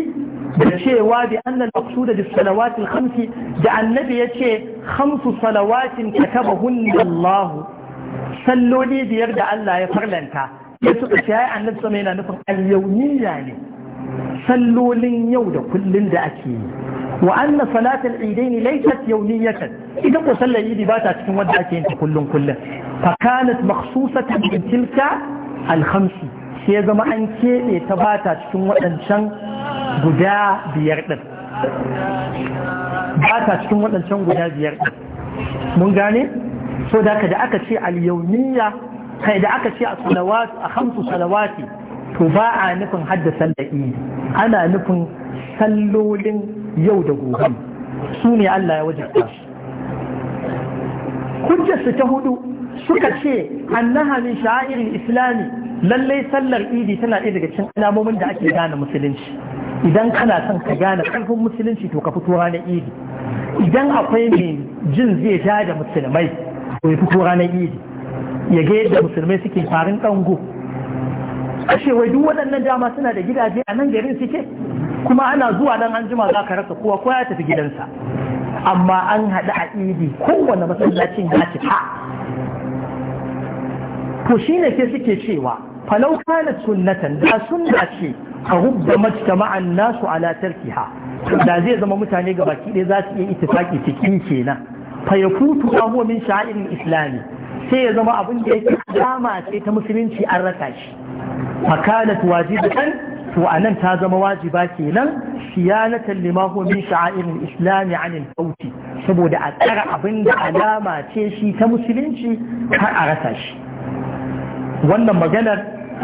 da cewa bi annal maqsuda bis salawat khamsi da annabi yace khamsu salawatin katabahunna Allah salloli biyar da Allah ya farlanta ya suka ce ai annabi sama yana nufin al ne sallolin yau da kullun da ake yi wa anna salatul idaini laysat yawmiyatan Idan ko sallar idi ba ta cikin wanda ake yin ta kullun kullun fa kanat makhsusatan bi tilka al-khamsi sai zama an keɓe ta ba ta cikin waɗancan guda biyar ɗin ba ta cikin waɗancan guda biyar ɗin mun gane so da aka da aka ce al-yawmiyya kai da aka ce a salawat a khamsu salawati to ba a nufin hadda sallar idi ana nufin sallolin yau da gobe su ne Allah ya wajabta hujjar su ta hudu suka ce annaha min sha'irin islami lallai sallar idi tana ɗaya daga cikin alamomin da ake gane musulunci idan kana son ka gane ƙarfin musulunci to ka fito ranar idi idan akwai mai jin zai ja da musulmai ya fito ranar idi ya ga yadda musulmai suke farin ɗango ashe wai duk waɗannan dama suna da gidaje a nan garin suke kuma ana zuwa nan an jima za ka rasa kowa ko ya tafi gidansa amma an haɗu a idi kowane masallacin ya ha to shine ke suke cewa falau kana sunnatan da sunna ce ka hubba majtama'an nasu ala tarkiha da zai zama mutane ga baki ɗaya za su iya itifaki cikin kenan fa ma huwa min sha'irin islami sai ya zama abin da yake dama ce ta musulunci an rasa shi fa kanat wajibatan to anan ta zama wajiba kenan siyanatan lima huwa min sha'irin islami an al saboda a tsara abin da alama ce shi ta musulunci kar a rasa shi wannan maganar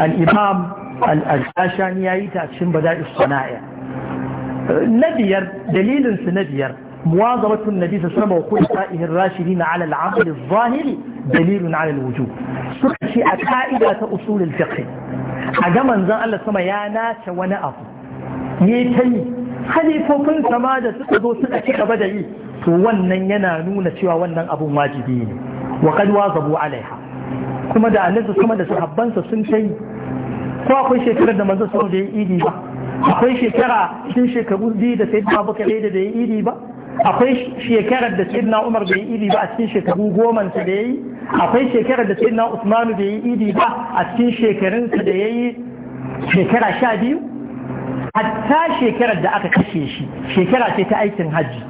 al-imam al-ashani yayi ta cikin bada'is sana'a na biyar dalilinsu na biyar مواظبة النبي صلى الله عليه وسلم وخلفائه الراشدين على العمل الظاهر دليل على الوجوب سكشي أكائدة أصول الفقه أجمع زن الله سما يا ناس وانا أبو يتي halifofin sama da suka zo suka ci gaba da yi to wannan yana nuna cewa wannan abun wajibi ne wa kad wazabu alaiha kuma da da sahabbansa sun ko akwai shekarar da manzo sallallahu yi idi ba akwai shekara cikin shekaru biyu da sai da abu da da yi idi ba akwai shekarar da sayyidina Umar bai idi ba a cikin shekaru goma sa da yayi akwai shekarar da sayyidina Usman bai idi ba a cikin shekarun sa da yayi shekara sha biyu hatta shekarar da aka kashe shi shekara ce ta aikin hajji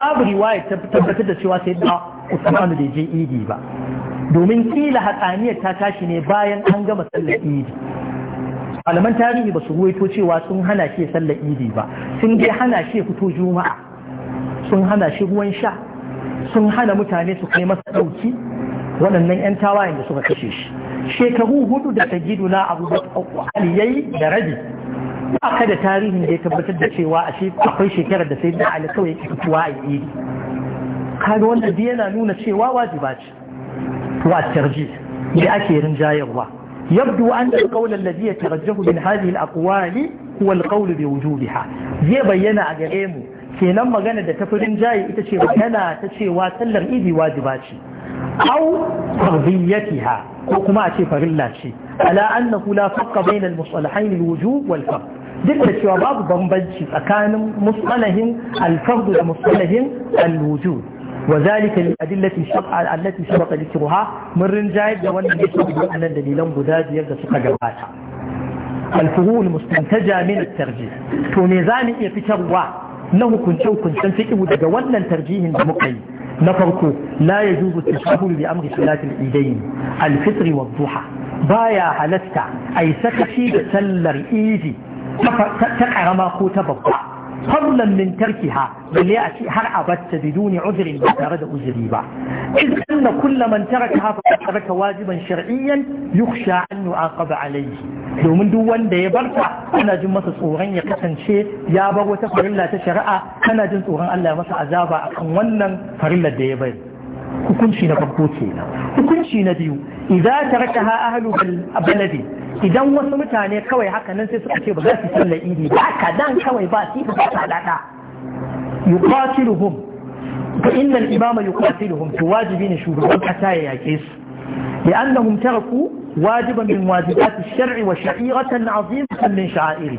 babu riwaya ta tabbatar da cewa sayyidina Usman bai je idi ba domin kila hatsaniyar ta tashi ne bayan an gama sallar idi malaman tarihi ba su ruwaito cewa sun hana shi sallar idi ba sun dai hana shi fito juma'a sun hana shi ruwan sha sun hana mutane su kai masa ɗauki waɗannan 'yan tawayen da suka kashe shi shekaru hudu da ta gidu na abu da aliyai da rabi ba da tarihin da ya tabbatar da cewa a shi akwai shekarar da sai da ali kawai ya fitowa a yi kaga wanda biya yana nuna cewa wajiba ce to a tarji da ake rinjayarwa يبدو أن القول الذي يترجه من هذه الأقوال wujubiha Zai bayyana a gare mu. kenan magana da tafi rinjaye ita ce magana ta cewa sallar idi wajiba ce au fardiyatiha ko kuma a ce farilla ce ala annahu la farqa bainal musalahain alwujub wal fard duk da cewa babu bambanci tsakanin musalahin alfardu da musalahin alwujub وذلك للأدلة الشرع التي سبق ذكرها من رنجاية جوانا يسبب أن دليلان بداد يبدأ سقى جباتها الفروع المستنتجة من الترجيح تونيزاني يفتروا na hukunce-hukuncen fiƙihu daga wannan tarjihin da muka yi na farko la ya juzu tashahhud bi amri salatil idayn alfitri wa duha baya halatta ai sakaci da sallar idi ta karama ko ta babba fadlan min tarkiha balle a ce har abatta biduni uzrin ba tare da uzuri ba idan na kullu man tarakaha faqad taraka wajiban shar'iyyan yukhsha an yu'aqaba alayhi domin duk wanda ya barta ana jin masa tsoron ya kasance ya bar wata farilla ta shari'a kana jin tsoron Allah ya masa azaba akan wannan farillar da ya bari hukunci na farko kenan hukunci na biyu idan tarakaha ahlu baladi idan wasu mutane kawai haka nan sai suka ce ba za su sallar idi ba haka dan kawai ba su ba ta dada yuqatiluhum fa inna al-imama yuqatiluhum to wajibi ne shugaban kasa ya yake su li'annahum taraku واجبا من واجبات الشرع وشعيرة عظيمة من شعائره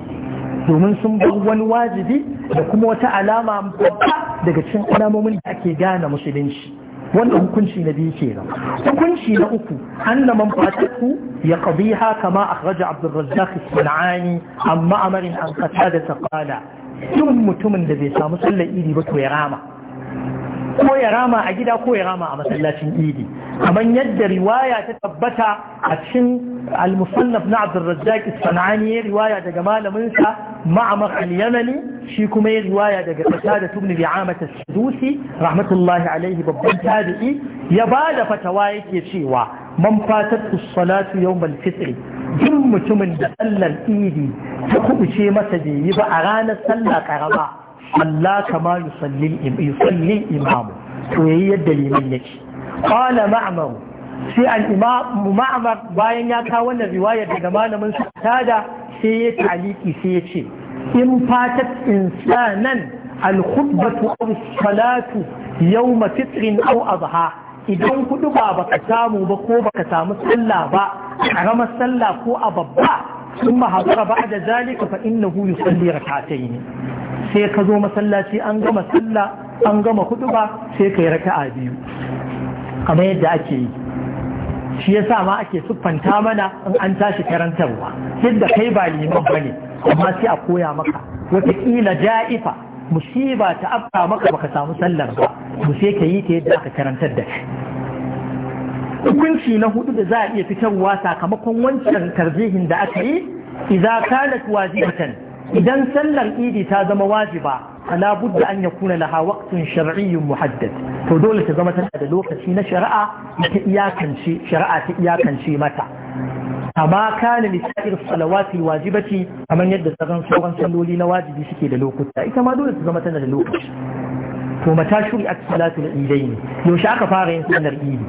domin sun bar wani wajibi da kuma wata alama babba daga cikin alamomin da ake gane musulunci wannan hukunci na biyu kenan hukunci na uku anna man ya qadiha kama akhraja Abdul Razzaq As-Sanani amma amarin an qata da taqala duk mutumin da bai samu sallar idi ba to ya rama ko ya rama a gida ko ya rama a masallacin idi kamar yadda riwaya ta tabbata a cikin al-musannaf na Abdurrazzaq As-Sanani ya riwaya daga malamin sa Ma'mar al-Yamani shi kuma ya riwaya daga Qatada ibn Bi'amah as-Sudusi rahmatullahi alayhi babban tabi'i ya bada fatawa yake cewa man fatat as-salatu yawm al-fitr duk mutumin da sallar idi ta kubuce masa bai yi ba a ranar sallah karama Allah kama yusalli al to yayi yadda liman yake qala ma'mar sai al-imam ma'mar bayan ya kawo wannan riwaya daga malamin sa tada sai ya taliki sai ya ce in fatat insanan al-khutbatu aw salatu yawm fitr aw adha idan kudu ba baka samu ba ko baka samu sallah ba karamar sallah ko a babba ثم حضر بعد ذلك فإنه يصلي ركعتين sai ka zo masallaci an gama sallah an gama ba, sai ka yi raka'a biyu kamar yadda ake yi shi yasa ma ake siffanta mana in an tashi karantarwa yadda kai ba liman ne, amma sai a koya maka wataƙila ja'ifa musiba ta afka maka baka samu sallar ba mu sai ka yi ta yadda aka karantar da shi hukunci na hudu da za a iya fitarwa sakamakon wancan tarjihin da aka yi idza kanat wajibatan idan sallar idi ta zama wajiba ala budda an yakuna laha waqtun shar'iyyun muhaddad to dole ta zama tana da lokaci na shari'a ta iyakance shari'a ta iyakance mata amma kana li sa'ir salawati wajibati kamar yadda sauran sauran salloli na wajibi suke da lokuta ita ma dole ta zama tana da lokaci to mata shuri at idayn yaushe aka fara yin sallar idi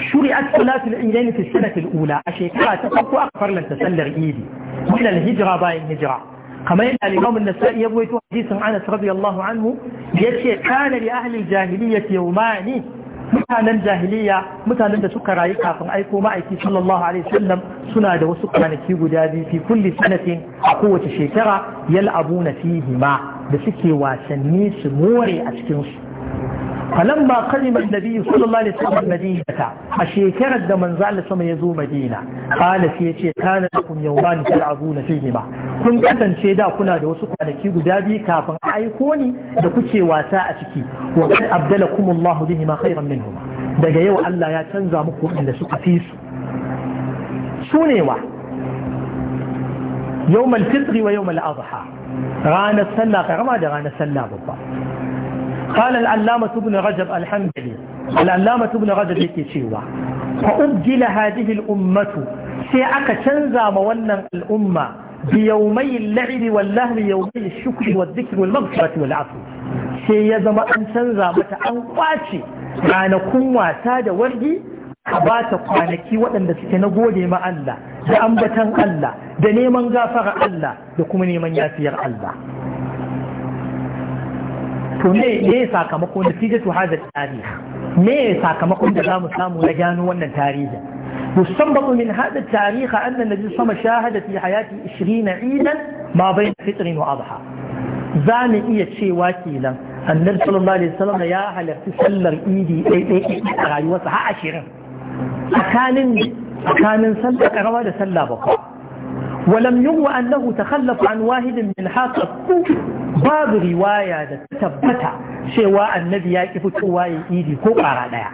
شرعت صلاة العيدين في السنة الأولى أشيكها تقف أكبر لن تسلر إيدي من الهجرة باي الهجرة كما يقول الإمام النسائي يبوي حديث عن رضي الله عنه يشي كان لأهل الجاهلية يومان mutanen jahiliya mutanen da suka rayu kafin aiko ma'aiki sallallahu alaihi wasallam suna da wasu kwanaki guda biyu fi kulli sanatin a kowace shekara yal'abuna fihi ma da suke wasanni su more a cikin su فلما قدم النبي صلى الله عليه وسلم مدينة أشيكر الدمن زال سما يزو مدينة قال سيتي كان لكم يومان تلعبون فيهما kun kasance da kuna da wasu kwanaki guda biyu kafin aiko ni da kuke wasa a ciki wa kan abdalakum Allah bihi ma khayran daga yau Allah ya canza muku inda suka fi su sune wa yawmal fitri wa yawmal adha ranar sallah karama da ranar sallah babba قال العلامة ابن رجب الحمد لله العلامة ابن رجب يكتشيوا فأبدل هذه الأمة سيأك تنزى مولا الأمة بيومي اللعب واللهو يومي الشكر والذكر والمغفرة والعفو سيزم أن تنزى متى أنقاتي معنى كنوا سادة ورقي ka ba ta kwanaki waɗanda suke na gode ma Allah da ambatan Allah da neman gafara Allah da kuma neman yafiyar Allah to ne ne natijatu hadha tarih ne sakamakon da zamu samu na gano wannan tarihi يستنبط من هذا التاريخ أن النبي صلى الله عليه وسلم شاهد في حياته 20 عيدا ما بين فطر وأضحى زاني إيه شيء واكيلا النبي صلى الله عليه وسلم يا هل تسلر إيدي إي إي إي أغايوة عشرين أكان أكان سلة أغوى لسلة annahu ولم يروى أنه تخلف عن واحد من حاطة باب رواية تثبت شواء النبي يكف تواي إيدي كبار ديا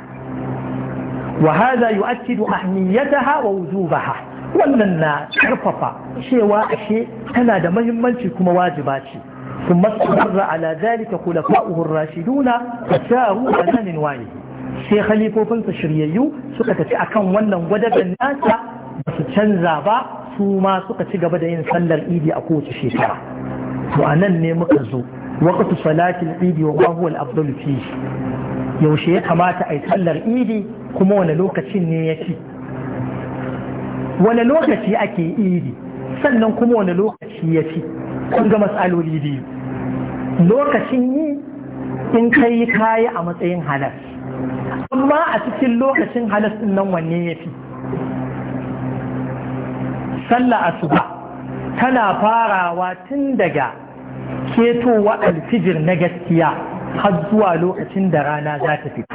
وهذا يؤكد أهميتها ووجوبها wannan na karfafa cewa ashe tana da muhimmanci kuma wajiba ce kuma tsarra ala zalika khulafa uhur rashiduna sa'u anan wani sai khalifofin su shiryayyu suka tafi akan wannan gwada gwadagan nasa ba su canza ba su ma suka ci gaba da yin sallar idi a kowace shekara to a nan ne muka zo waqtu salatil idi wa huwa al-afdal fi yaushe ya kamata a yi sallar idi kuma wani lokacin ne ya ci wani lokaci ake idi sannan kuma wani lokaci ya ci kun ga matsaloli biyu lokacin yi in kai kayi a matsayin halas amma a cikin lokacin halas nan wanne ya fi sallah asuba tana farawa tun daga ketowa alfijir na gaskiya har zuwa lokacin da rana za ta fito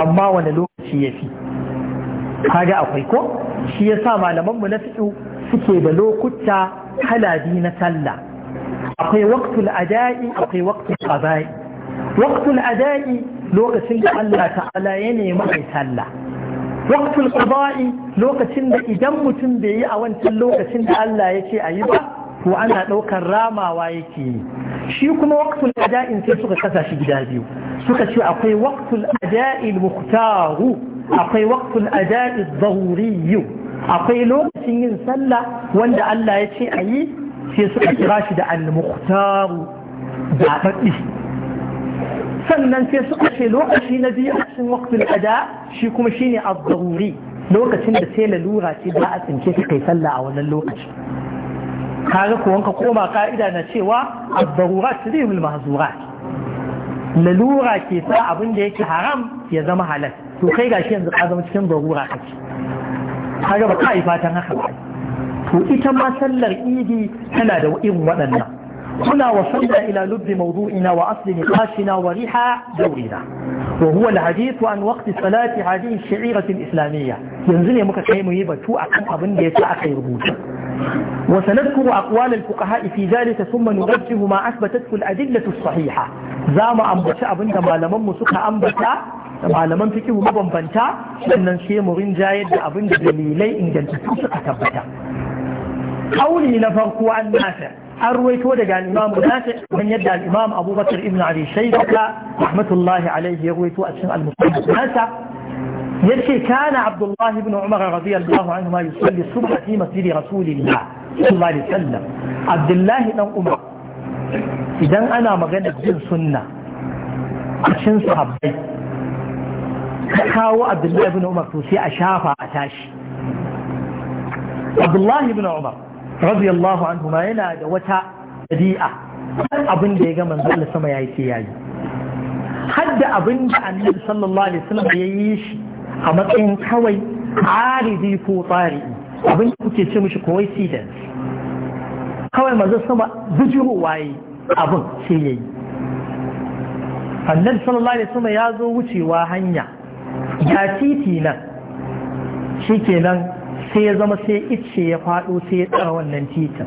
amma wani lokaci ya fi kaga akwai ko shi yasa malamanmu na fiƙo suke da lokuta biyu na sallah akwai waqtul ada'i akwai waqtul qada'i waqtul ada'i lokacin da Allah ta'ala ya nemi sallah waqtul qada'i lokacin da idan mutum bai yi a wancan lokacin da Allah ya ce a yi ba to ana ɗaukar ramawa yake yi shi kuma waqtul ada'in sai suka kasa shi gida biyu suka ce akwai waqtul ada'i muhtaru akwai waqtul ada'i daruri akwai lokacin yin sallah wanda Allah ya ce a yi sai suka kira shi da al-muhtaru zaɓaɓɓe sannan sai suka ce lokaci na biyu a cikin waqtul ada shi kuma shine az-zaruri lokacin da sai lalura ce ba a tsinke ta kai sallah a wannan lokaci kaga ko wanka koma ka'ida na cewa az-zarurat tudimul mahzurat lalura ke sa abin da yake haram ya zama halal to kai gashi yanzu ka zama cikin zarura kake kaga ba ka yi fatan haka ba to ita ma sallar idi tana da irin waɗannan هنا وصلنا إلى لب موضوعنا وأصل نقاشنا وريح دورنا وهو الحديث عن وقت صلاة هذه الشعيرة الإسلامية ينزل يمك كيم يبتو أكم أبن يسعى خير بوتا وسنذكر أقوال الفقهاء في ذلك ثم نوجه ما أثبتته الأدلة الصحيحة زام أنبت أبن ما لمن مسك أنبت malaman fikihu mabambanta sannan sai mu rinjayar da abin da dalilai ingantattu suka tabbata kauli na farko an nasa an ruwaito daga al'imamu nafi don yadda al'imam abubakar ibn abi shaifaka rahmatullahi alaihi ya ruwaito a cikin al-musulmi nasa ya ce kana abdullahi ibn umar radiyallahu anhu ma yusalli subha fi masjidi rasulillah sallallahu alaihi wasallam abdullahi dan umar idan ana magana jin sunna a cikin sahabbai ka kawo abdullahi ibn umar to sai a shafa a tashi abdullahi ibn umar radiyallahu anhu ma yana da wata dabi'a abin da ya ga manzo Allah sama yayi sai yayi hadda abin da annabi sallallahu alaihi wasallam ya yi shi a matsayin kawai aridi ko tsari abin da kuke ce mishi coincidence kawai manzo sama bujurowa yayi abin sai yayi annabi sallallahu alaihi wasallam ya zo wucewa hanya ya titi nan shi shikenan sai ya zama sai ice ya faɗo sai ya tsara wannan titin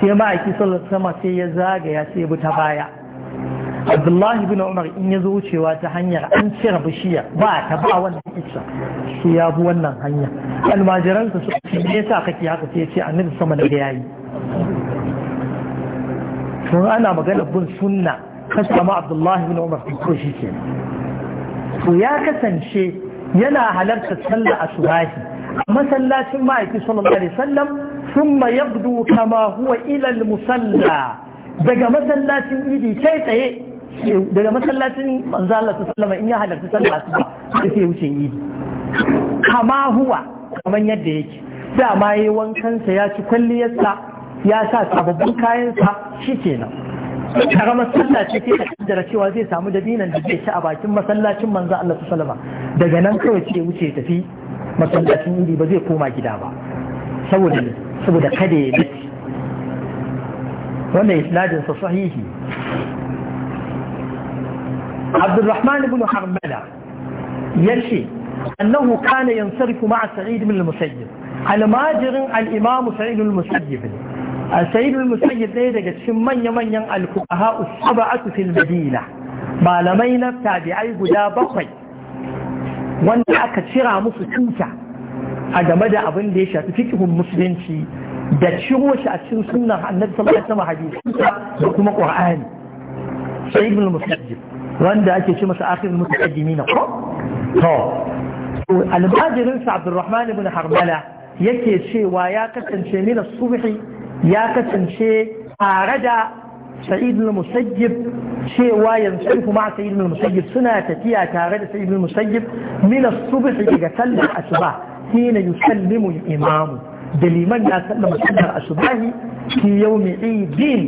sai ma'aiki sallallahu sama sai ya zagaya sai ya bi ta baya abdullahi bin umar in ya zo wucewa ta hanyar an cire bishiya ba ta ba wannan iccen sai ya bi wannan hanya almajiransa su ce ne yasa kake haka sai ya ce annabi sama da yayi sun ana magana bin sunna kasa ma abdullahi bin umar ko shi ke to ya kasance yana halarta sallah asubahi masallacin ma'aiki sallallahu alaihi sallam sun yabdu kama huwa ilal musalla daga masallacin idi kai tsaye daga masallacin manzo Allah sallallahu in ya halarta sallah asuba sai wuce idi kama huwa kaman yadda yake dama yayi wankan sa ya ci kwalliyarsa ya sa sababbin kayan sa shikenan karamar sallah ce ke kaddara cewa zai samu dabinan da zai ci a bakin masallacin manzo Allah sallallahu daga nan kawai ce wuce tafi masallacin idi ba zai koma gida ba saboda saboda kada ya dace wannan isladin sa sahihi Abdulrahman ibn Harmala yace annahu kana yansarifu ma'a Sa'id ibn al-Musayyib almajirin al-Imam Sa'id al-Musayyib Sa'id al-Musayyib dai daga cikin manya-manyan al-fuqaha as-sab'atu fil Madina malamai na tabi'ai guda bakwai wanda aka cira musu cuta a game da abin da ya shafi fikihun musulunci da ciro shi a cikin sunan annabi sallallahu alaihi wasallam da kuma qur'ani sai ibn musajjib wanda ake ce masa akhir mutajjimin ko to al-bajirin sa abdurrahman ibn harmala yake cewa ya kasance min as-subhi ya kasance tare da sa'id al-musayyib cewa yanzu kuma sa'id suna tafiya tare da sa'id al min as-subh daga sallar asuba hina yusallimu al-imamu da liman ya sallama sallar asubahi fi yawmi idin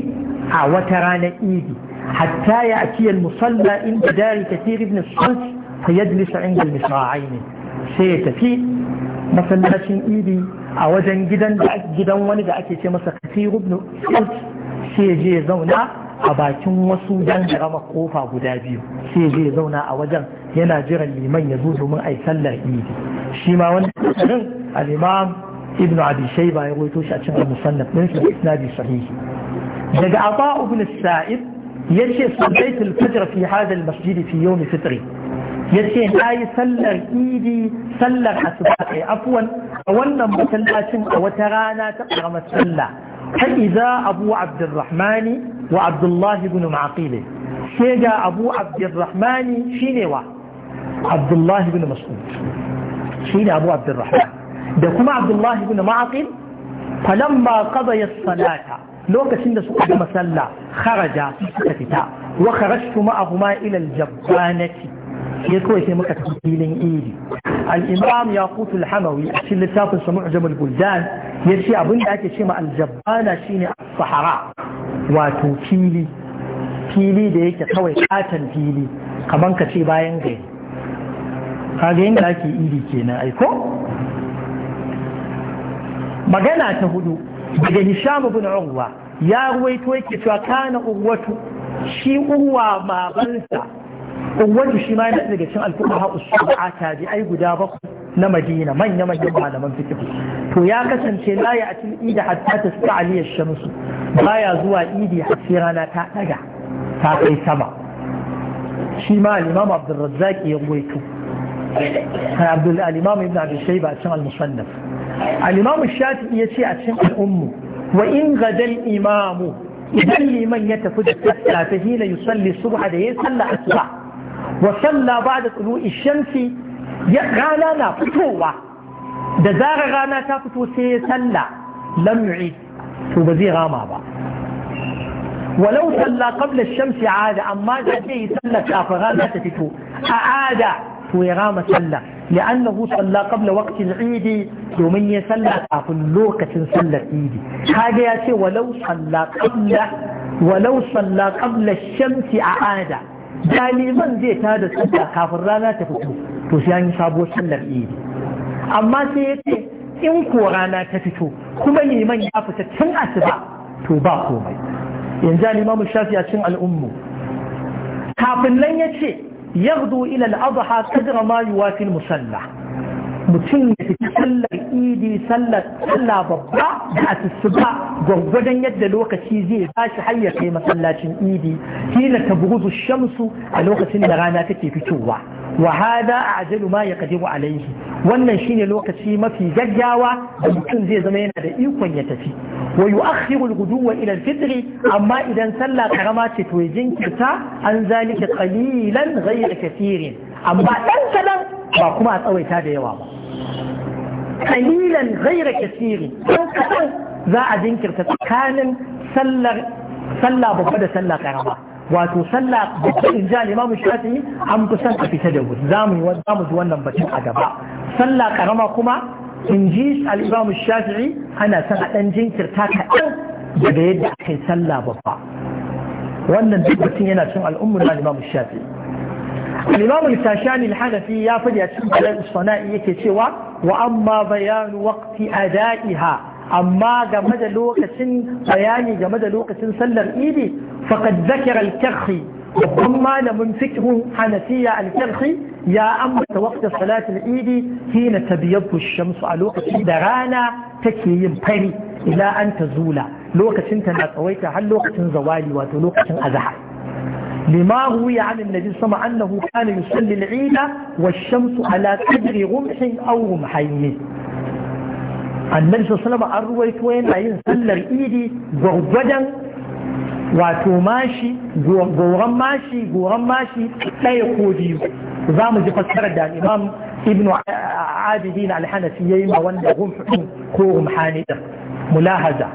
a wata ranar idi hatta ya atiyal musalla inda dari kathir ibn sulh فيجلس عند المصراعين سيتفي مثلا شن ايدي a wajen gidan wani da ake ce masa kasiru ibn sai je zauna a bakin wasu dan rama kofa guda biyu sai je zauna a wajen yana jiran liman ya zo domin a yi sallar idi shi ma wani tsarin al'imam ibn abi ya rawaito shi a cikin musannaf din sa isnadi sahihi daga aba ibn sa'id yace sallaitu al-fajr fi hadha al-masjid fi yawm fitri yace na yi sallar idi sallar asuba eh, afwan a wannan masallacin a wata rana ta karamar sallah فإذا أبو عبد الرحمن وعبد الله بن معقيل سيجا أبو عبد الرحمن شينوا عبد الله بن مسعود شين أبو عبد الرحمن دكما عبد الله بن معقل فلما قضي الصلاة لو كسند سقط مسلا خرج سكتتا وخرجت معهما إلى الجبانة يكوي في مكة تبيلين إيدي الإمام ياقوت الحموي في لتاف معجم البلدان ya ce abin da ake ce ma aljabbana shine sahara wato fili fili da yake kawai katon fili kamar ka ce bayan gari kaga da ake iri kenan aiko magana ta hudu daga nishamu bin urwa ya ruwaito yake cewa kana urwatu shi ma babansa urwatu shi ma yana daga cikin alfuqaha usbu'a ai guda bakwai na madina manya manyan malaman fiqh to ya kasance layi a cikin idi hatta ta suka aliyar shamsu baya zuwa idi sai rana ta daga ta kai sama shi ma al-imam abdurrazzaq ya gwaito abdul al-imam ibn abi shayba a cikin al-musannaf al-imam shafi'i ya ce a cikin al-ummu wa in gadal idan liman ya tafi da tsalla ta hila yusalli subha da ya salla asuba wa salla ba'da tulu'i shamsi ya rana na fitowa da zarar rana ta fito sai ya salla lamu'i to ba zai rama ba walau salla kabla shamsi ada amma da ke yi sallar kafin rana ta fito a ada to ya rama salla ya an nahu kabla wakti idi domin ya salla kafin lokacin sallar idi kaga ya ce walau salla kabla walau salla kabla a ada daliban zai tada sallar kafin rana ta fito to sai an yi sabuwar sallar idi amma sai ya ce in ko rana ta fito kuma liman ya fita tun asuba to ba komai yanzu alimamu shafi a cin al'ummu kafin nan ya ce yaghdu ila al-adha qadra ma yuwafi al-musalla mutum ya fita sallar idi sallar sallah babba da asusuba gwaggwadon yadda lokaci zai tashi har ya kai masallacin idi ta tabghudu shamsu a lokacin da rana take fitowa wa hada ajalu ma kadiru alaihi wannan shine lokaci mafi gaggawa da mutum zai zama yana da ikon ya tafi wa yu'akhiru al-ghuduwa ila al-fitr amma idan sallah karama ce to ya jinkirta an zalika qalilan ghayra kathirin amma dan kadan ba kuma a tsawaita da yawa ba kalilan ghaira kasiri dan kadan za a jinkirta tsakanin sallar sallah babba da sallah karama wato sallah babba in ji imamu shafi'i an kusan a fita da wuri za mu ji wannan batun a gaba sallah karama kuma in ji al-imamu shafi'i ana son a dan jinkirta kadan daga yadda aka yi sallah babba wannan duk batun yana cin al'ummar al-imamu shafi'i الإمام الكاشاني الحنفي يافد يتم على الصناء يكتوى وأما بيان وقت أدائها أما جمد لوقة بيان جمد لوقة سلم إيدي فقد ذكر الكرخي ثم لمن فكه حنفية الكرخي يا أمت وقت صلاة الإيد حين تبيض الشمس على وقت درانا تكيين بري إلى أن تزول لوقة تنتهى تويتها هل لوقة زوالي وتلوقة أزحف لما روي عن النبي صلى الله عليه وسلم انه كان يصلي العيد والشمس على قدر غمح او رمحين. النبي صلى الله عليه وسلم اروي توين اين صلى العيد غربدا واتو ماشي غورم ماشي غورم ماشي لا يقودي زام فسر الامام ابن عابدين الحنفيين ما وند غمح كو رمحان ملاحظه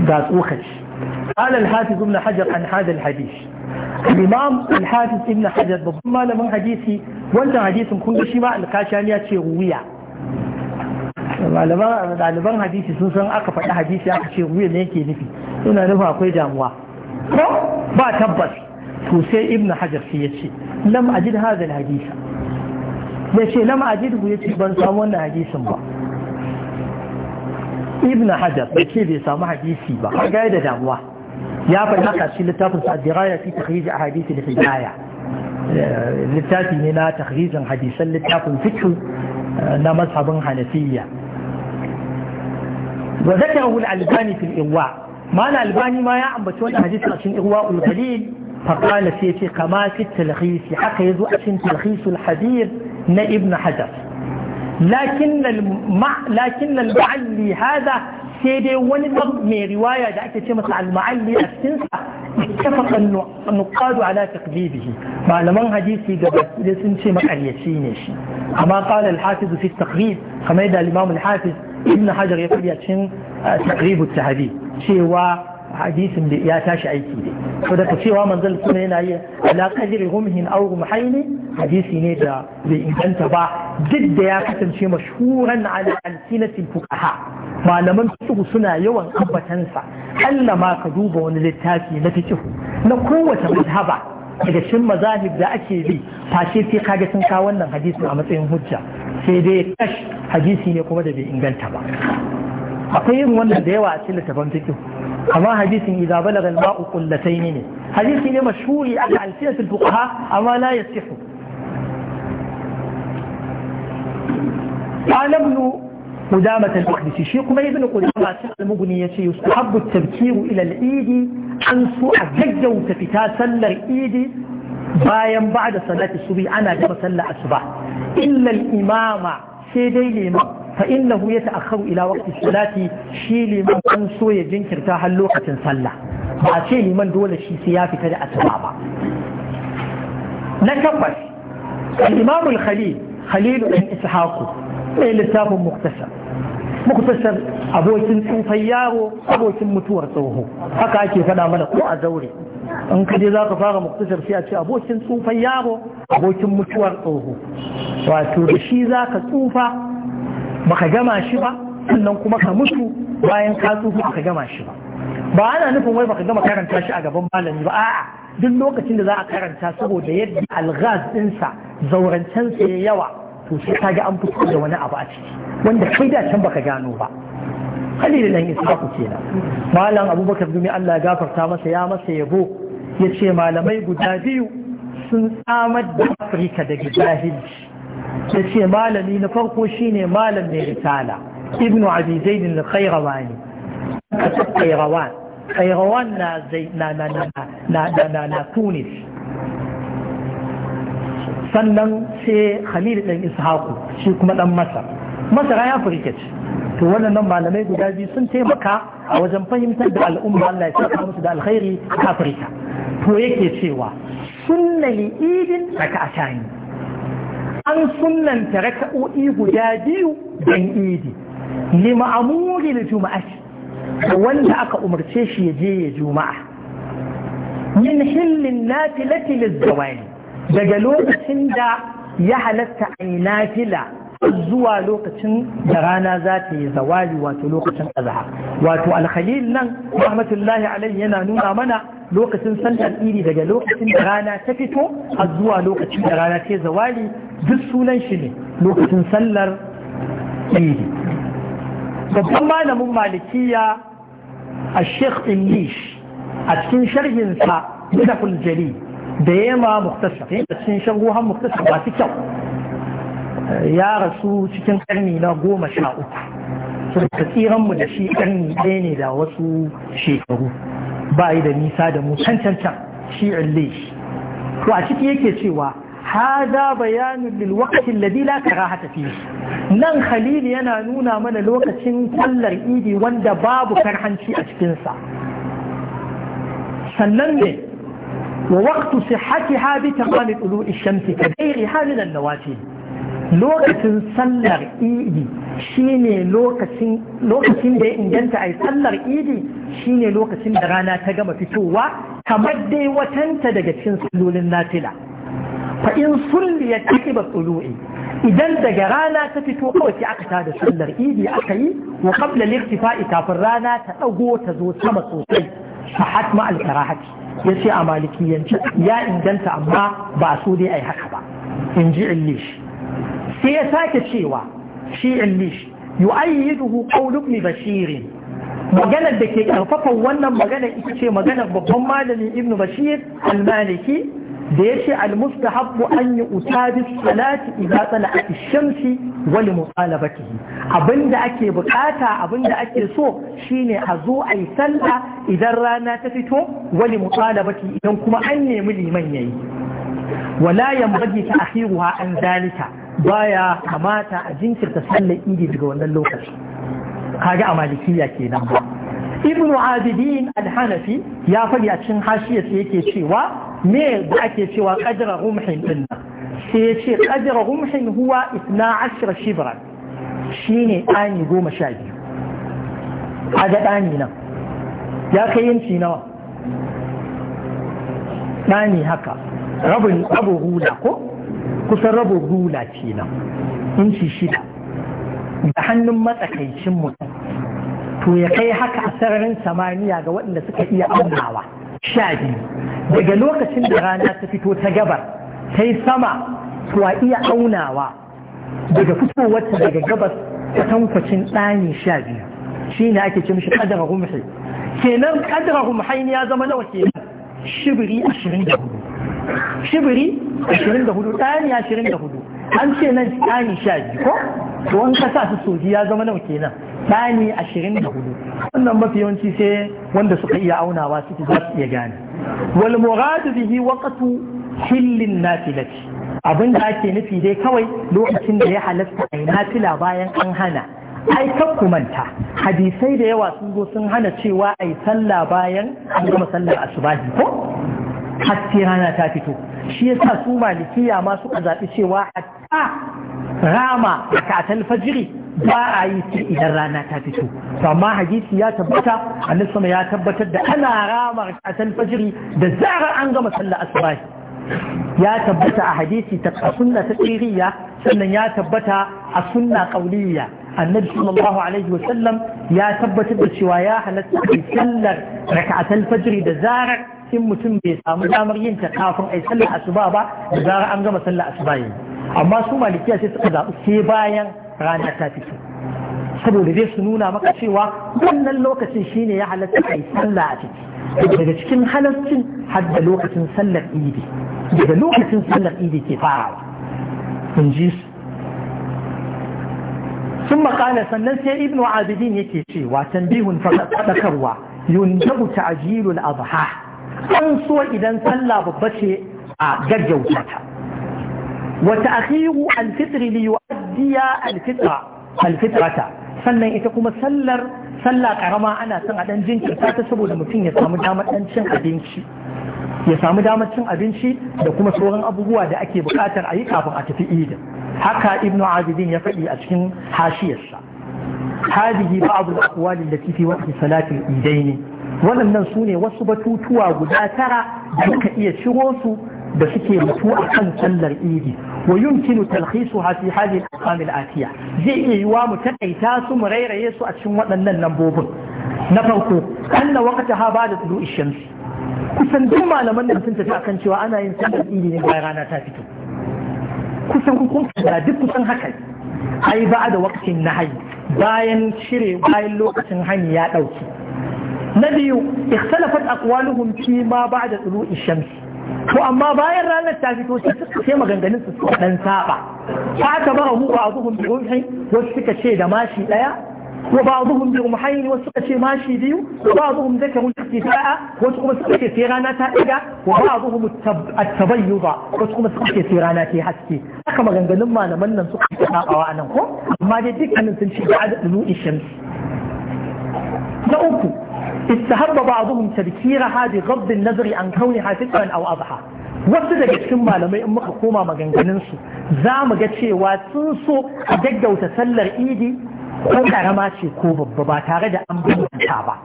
ذات اوخش قال الحافظ ابن حجر عن هذا الحديث الإمام الحافظ ابن حجر بضم من حديثي وانت حديث كل شيء ما الكاشانية شيء ɗaliban hadisi sun san aka faɗi hadisi aka ce wuyan ne yake nufi ina nufin akwai damuwa ko ba tabbas to sai ibn hajar sai ya ce lam ajid hadha hadisa ya ce lam ajid ya ce ban samu wannan hadisin ba ibn hajar bai ce bai samu hadisi ba har gaya da damuwa ya faɗi haka shi littafin sa diraya fi takhrij ahadith al-hidayah littafi ne na takhrijin hadisan littafin fiqh na mazhabin hanafiyya wa zakarahu al-albani fi al-irwa mana albani ma ya ambaci wannan hadisi a cikin irwa al-qalil فقال سيتي كما في التلخيص حق يزوء في تلخيص الحديث na ibn hajar lakin al-ma'alli hada sai dai wani ɗan mai riwaya da ake ce masa al-ma'alli a cikinsa ittafaqa nuqadu ala taqdidihi malaman hadisi gaba da sun ce makaryaci ne shi amma qala al-hafiz fi taqrib kamar da al-imam al-hafiz ibn hajar ya fadi cikin eh, taqrib at cewa hadisin da ya tashi aiki ne to daga cewa manzal kuma yana yi ala qadri humhin aw rumhaini hadisi ne da bai inganta ba duk da ya kasance mashhuran ala alsinati fuqaha malaman su suna yawan sa Allah ma ka duba wani littafi na fiqh na kowace mazhaba daga cikin mazahib da ake bi fashe sai kaga sun kawo wannan hadisin a matsayin hujja sai dai kash hadisi ne kuma da bai inganta ba akwai yin wannan da yawa a cikin littafin fiqh amma hadisin idza balagha al-ma'u qullatayn ne hadisi ne mashhuri a al-sinat al-fuqaha amma la yasihu qala ibn قدامة المقدسي شيخ ما ابن قدامة المغني يشي يستحب التبكير إلى الإيد أن سوء ججو تفتا سلر إيدي bayan ba da salati subi ana gaba sallar asuba illa imama sai dai lemu. فإنه يتأخر إلى وقت الصلاة شي لمن أنسو يجنكر تاهل لوقة صلى شي لمن دول شي سيافي كذا أسبابا نكبر الإمام الخليل خليل بن إسحاق إيه لتاف مختصر مختصر أبوكين طيارو أبوكين متور صوهو haka ake faɗa mana ko a zaure in ka je za ka fara muktasar sai a ce abokin tsufan yaro abokin mutuwar tsoho wato da shi za ka tsufa baka gama shi ba sannan kuma ka mutu bayan ka tsufa baka gama shi ba ba ana nufin wai baka gama karanta shi a gaban malami ba a'a duk lokacin da za a karanta saboda yadda alghaz dinsa zaurancensa ya yawa to sai ka ga an fito da wani abu a ciki wanda kai da can baka gano ba halilin nan isaku kenan malam abubakar dumi Allah ya gafarta masa ya masa yabo ya ce malamai guda biyu sun samar da afirka daga jahilci ya ce malami na farko shine malam mai risala ibnu azizaidin al-khairawani kairawani kairawan na na na na na na na tunis sannan sai khalil dan ishaku shi kuma ɗan masar masar ya furke to waɗannan malamai guda biyu sun taimaka a wajen fahimtar da al'umma Allah ya saka musu da alkhairi a Afirka to yake cewa sunna idin raka atani an sunanta raka'o'i guda biyu don idi li ma'amuri juma'a wanda aka umarce shi ya je ya juma'a min hillin da wani daga lokacin da ya halatta a nafila zuwa lokacin da rana za ta yi zawali wato lokacin azhar wato alkhalil nan rahmatullahi alaihi yana nuna mana lokacin sallar iri daga lokacin da rana ta fito har zuwa lokacin da rana ta yi zawali duk sunan shi ne lokacin sallar iri babban malamin malikiya a sheikh english a cikin sharhinsa bidakul jali da yema Muktasa, yana cikin shan Muktasa, masu kyau ya rasu cikin karni na goma sha uku sarka mu da shi karni ɗaya ne da wasu shekaru ba yi da nisa da mu can can can shi shi to a ciki yake cewa hada bayanin lil waqti alladhi la karahata fihi nan khalil yana nuna mana lokacin sallar idi wanda babu karhanci a cikin sa sannan ne wa waqtu sihhatiha bi tamam tulu'i shamsi ka ghairiha min an-nawafil lokacin sallar idi shine lokacin da ya inganta a sallar idi shine lokacin da rana ta gama fitowa kamar dai watanta daga cikin sallolin nafila fa in sulliyat ba tulu'i idan daga rana ta fito kawai sai aka tada sallar idi aka yi wa kabla al kafin rana ta dago ta zo sama sosai sahat ma al-karahati yace a malikiyance ya inganta amma ba so dai ai haka ba in ji sai ya sake cewa shi illish yu'ayyiduhu qawlu ibn bashir maganar da ke karfafa wannan magana ita ce maganar babban malamin ibn bashir al-maliki da yace al-mustahabbu an yu'ta bis salati idza tala'at ash-shamsi wa li mutalabatihi abinda ake bukata abinda ake so shine a zo ayi sallah idan rana ta fito wa li mutalabati idan kuma an nemi liman yayi wala yanbaghi ta'khiruha an zalika baya kamata a jinkirta sallar idi daga wannan lokaci kaga a malikiya kenan ba ibn abidin al-hanafi ya faɗi a cikin hashiyar yake cewa me da ake cewa qadra rumhin din nan sai ya ce qadra rumhin huwa 12 shibran shine dani goma sha kaga dani nan ya kai yanci nawa dani haka rabin abu hula ko kusan rabo rula ce nan inci shida da hannun matsakaicin mutum to ya kai haka a sararin samaniya ga waɗanda suka iya aunawa sha biyu daga lokacin da rana ta fito ta gabar ta yi sama to a iya aunawa daga fitowarta daga gabas ta tankwacin ɗani sha biyu shi ne ake cin shi ƙadara kenan ƙadara ya zama nawa kenan shibiri ashirin da hudu shibiri 24 ɗani 24 an ce nan ɗani 12 ko to kasa su soji ya zama nawa kenan ɗani 24 wannan mafi yawanci sai wanda suka iya aunawa suke za su iya gane wal muradu bihi waqtu hillin nafilati abin da ake nufi dai kawai lokacin da ya halatta a nafila bayan an hana ai ku manta hadisai da yawa sun zo sun hana cewa ai sallah bayan an gama sallar asubahi ko haske rana ta fito shi yasa su malikiya ma suka zaɓi cewa hatta rama ka talfajiri ba a yi ce idan rana ta fito to amma hadisi ya tabbata annabi ya tabbatar da ana rama ka talfajiri da zarar an gama sallar asubahi ya tabbata a hadisi ta sunna ta tsiriya sannan ya tabbata a sunna qauliyya annabi sallallahu alaihi wa sallam ya tabbatar da cewa ya halatta sallar raka'atul fajr da zarar in mutum bai samu damar yin ta kafin ai sallar asuba ba da gara an gama sallar asuba yi amma su malikiya sai suka zaɓi sai bayan rana ta fito saboda zai su nuna maka cewa wannan lokacin shine ya halatta ai sallah a ciki daga cikin halascin har da lokacin sallar idi daga lokacin sallar idi ke fara in ji su sun makala sannan sai ibnu abidin yake cewa tambihun fadakarwa yunjabu ta'jilul adha an so idan sallah babba ce a gaggauta ta wata akhiru alfitri li yu'addiya alfitra alfitrata sannan ita kuma sallar sallah karama ana son a dan jinkirta ta saboda mutum ya samu damar dan cin abinci ya samu damar cin abinci da kuma sauran abubuwa da ake bukatar a yi kafin a tafi idin haka ibnu azidin ya faɗi a cikin hashiyarsa hadihi abu al kuwa allati fi waqti salatin idaini waɗannan su ne wasu batutuwa guda tara da suka iya ciro su da suke mutu a kan sallar idi wa yumkinu talhisu ha fi hadhihi al atiya zai iya yiwa mu taƙaita su mu rairaye su a cikin waɗannan lambobin na farko anna waqtaha ba'da tulu'i shamsi kusan duk malaman da sun tafi akan cewa ana yin sallar idi ne bayan rana ta fito kusan kun da duk kusan haka ai ba da waqtin nahyi bayan shire bayan lokacin hani ya dauke na biyu ikhtalafat aqwaluhum fi ma ba'da tulu'i shamsi to amma bayan ranar ta fito sai maganganun su suka dan saba fa ta ba hu ba'dhum bi rumhi wasu suka ce da mashi daya wa ba'dhum bi rumhayn wasu suka ce mashi biyu wa ba'dhum zakaru istifa'a wasu kuma suka ce sai rana ta daga wa ba'dhum at-tabayyuba wasu kuma suka ce sai rana ta haske haka maganganun malaman nan suka sabawa anan ko amma dai dukkanin sun ce ba'da tulu'i shamsi na uku istahabba ba'dhum tadhkiraha bi ghadd an-nazri an kawniha fitran aw wasu daga cikin malamai in muka koma maganganunsu su za mu ga cewa sun so a gaggauta sallar idi ko karama ce ko babba ba tare da an bambanta ba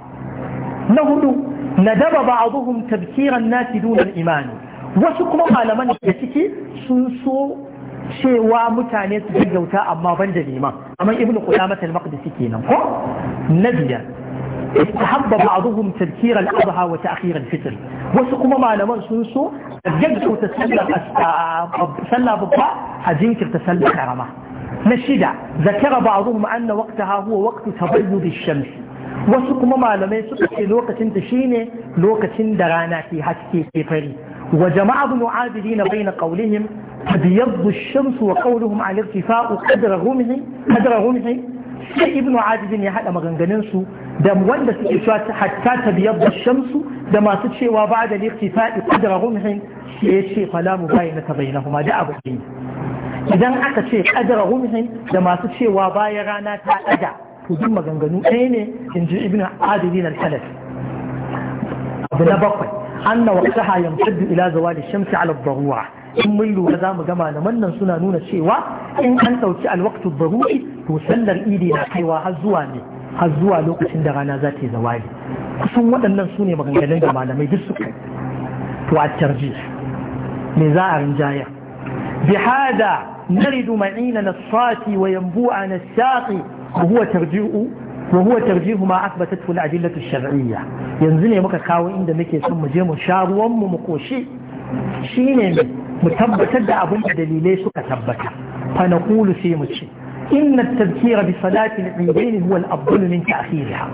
na hudu nadaba ba'dhum tadhkiran nasi duna al-imani wasu kuma malaman da ciki sun so cewa mutane su gaggauta amma ban da liman amma ibnu qudamah maqdisi kenan ko na biyar استحب بعضهم تذكير الأضحى وتأخير الفطر وسقم ما لمن سنسو الجبس تسلى سلى بطاء أجنكر تسلى كرمة نشدة ذكر بعضهم أن وقتها هو وقت تبيض الشمس وسقم ما لمن في الوقت تشيني الوقت درانا في حكي في فري وجمع ابن عابدين بين قولهم تبيض الشمس وقولهم على ارتفاع قدر غمه قدر غمه sai ابن عابد ya haɗa maganganunsu da wanda suke cewa hatta ta biyar da shamsu da masu cewa ba da faɗi fa'i kudura rumhin ya ce mu bayi na tabai na kuma da abu ne idan aka ce kadara rumhin da masu cewa bayan rana ta ɗaga to duk maganganu ɗaya ne in ji ibn adilin al abu na bakwai an na wata hayan shaddu ila zawa da shamsi ala baruwa in mun lura za mu gama da wannan suna nuna cewa in an ɗauki alwaktu baruri to sallar idi na kaiwa har zuwa ne har zuwa lokacin da rana za ta yi zawali kusan waɗannan su ne maganganun da malamai duk suka to a tarji me za a rinjaya bi hada naridu ma'ina na sati wa yambu a na shaƙi wa huwa tarji'u wa huwa tarjihu ma asbatathu al-adillatu shar'iyya yanzu ne muka kawo inda muke son mu je mu sha ruwan mu mu koshi shine mu tabbatar da abin da dalilai suka tabbata fa naqulu sai mu ce إن التذكير بصلاة العيدين هو الأفضل من تأخيرها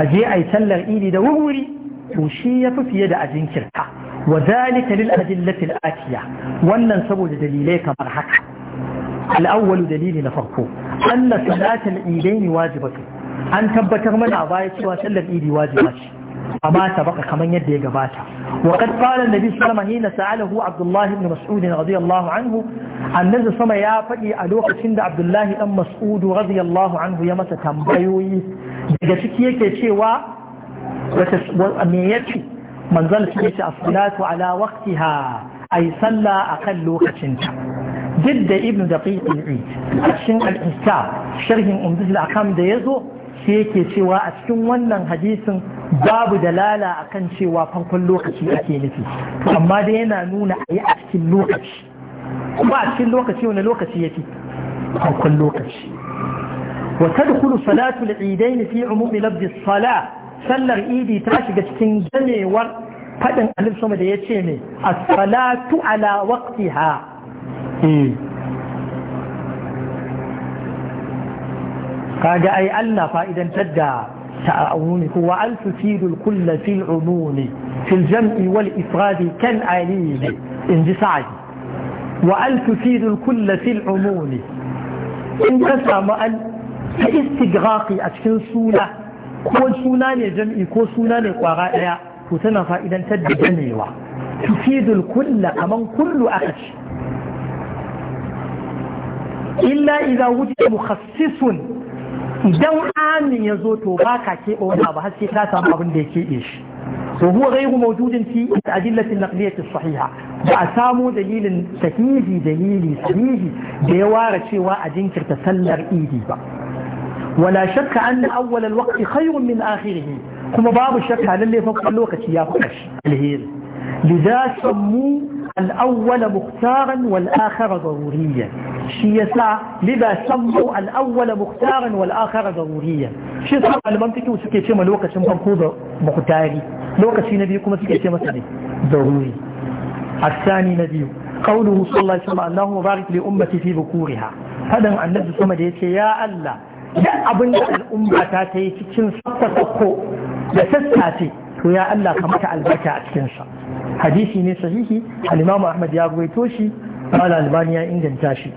أجي أي سلر إيدي دوري توشية في يد أجنكرها وذلك للأدلة الآتية وأن سبب دليليك مرحك الأول دليل نفرقه أن صلاة العيدين واجبة أن تبتغ من أضايا سوى سلر إيدي واجبة amma ta baka kamar yadda ya gabata wa kad qala annabi sallallahu sa'alahu abdullahi ibn mas'ud radiyallahu anhu annabi sama ya faɗi a lokacin da abdullahi dan mas'ud radiyallahu anhu ya masa tambayoyi daga ciki yake cewa me yace manzal shi yace as-salatu ala waqtiha ay salla akan lokacinta duk da ibn daqiq al-eid a cikin al-ihsa sharhin umdul akam da yazo shi yake cewa a cikin wannan hadisin babu dalala a kan cewa farkon lokaci ake nufi amma dai yana nuna a yi a cikin lokaci kuma a cikin lokaci wani lokaci yake farkon lokaci wata da kudu salatu da idai ne fi umumi lafi sala sallar idi ta shiga cikin ganewar faɗin alif sama da ya ce ne a salatu ala waktiha eh. kaga ai Allah fa'idantar da تعاونك وأن تفيد الكل في العموم في الجمع والإفراد كالعليل انجساعي وأن تفيد الكل في العموم إن تسام أن استغراقي أتكن سولة كون سولاني جمعي كون سولاني قرائع تتنا فائدا تد جميوة تفيد الكل كمن كل أخش إلا إذا وجد مخصص idan amin ya zo to ba ka ke wani abu har sai ka samu abin da ya keɓe shi to huwa ghairu mawjudin fi adillati an sahiha ba a samu dalilin sahihi dalili sahihi da ya ware cewa a jinkirta sallar idi ba wala shakka anna awwal al-waqti khayrun min akhirih kuma babu shakka lalle fa lokaci ya fi alheri lidha sammu الأول مختارا والآخر ضروريا شي يسا لذا سموا الأول مختارا والآخر ضروريا شي صار المنطقي وسكي شما لوكا شما فرقوض مختاري لوكا شي نبيكم سكي شما سني ضروري الثاني نبي قوله صلى الله عليه وسلم اللهم بارك لأمتي في بكورها هذا النبي صلى الله عليه وسلم يا الله da abin da al'umma ta ta yi cikin sakko da sassafe to ya Allah ka mata albarka a cikin sa hadisi ne sahihi al-Imam Ahmad ya gwaito shi قال الباني ان جنتاشي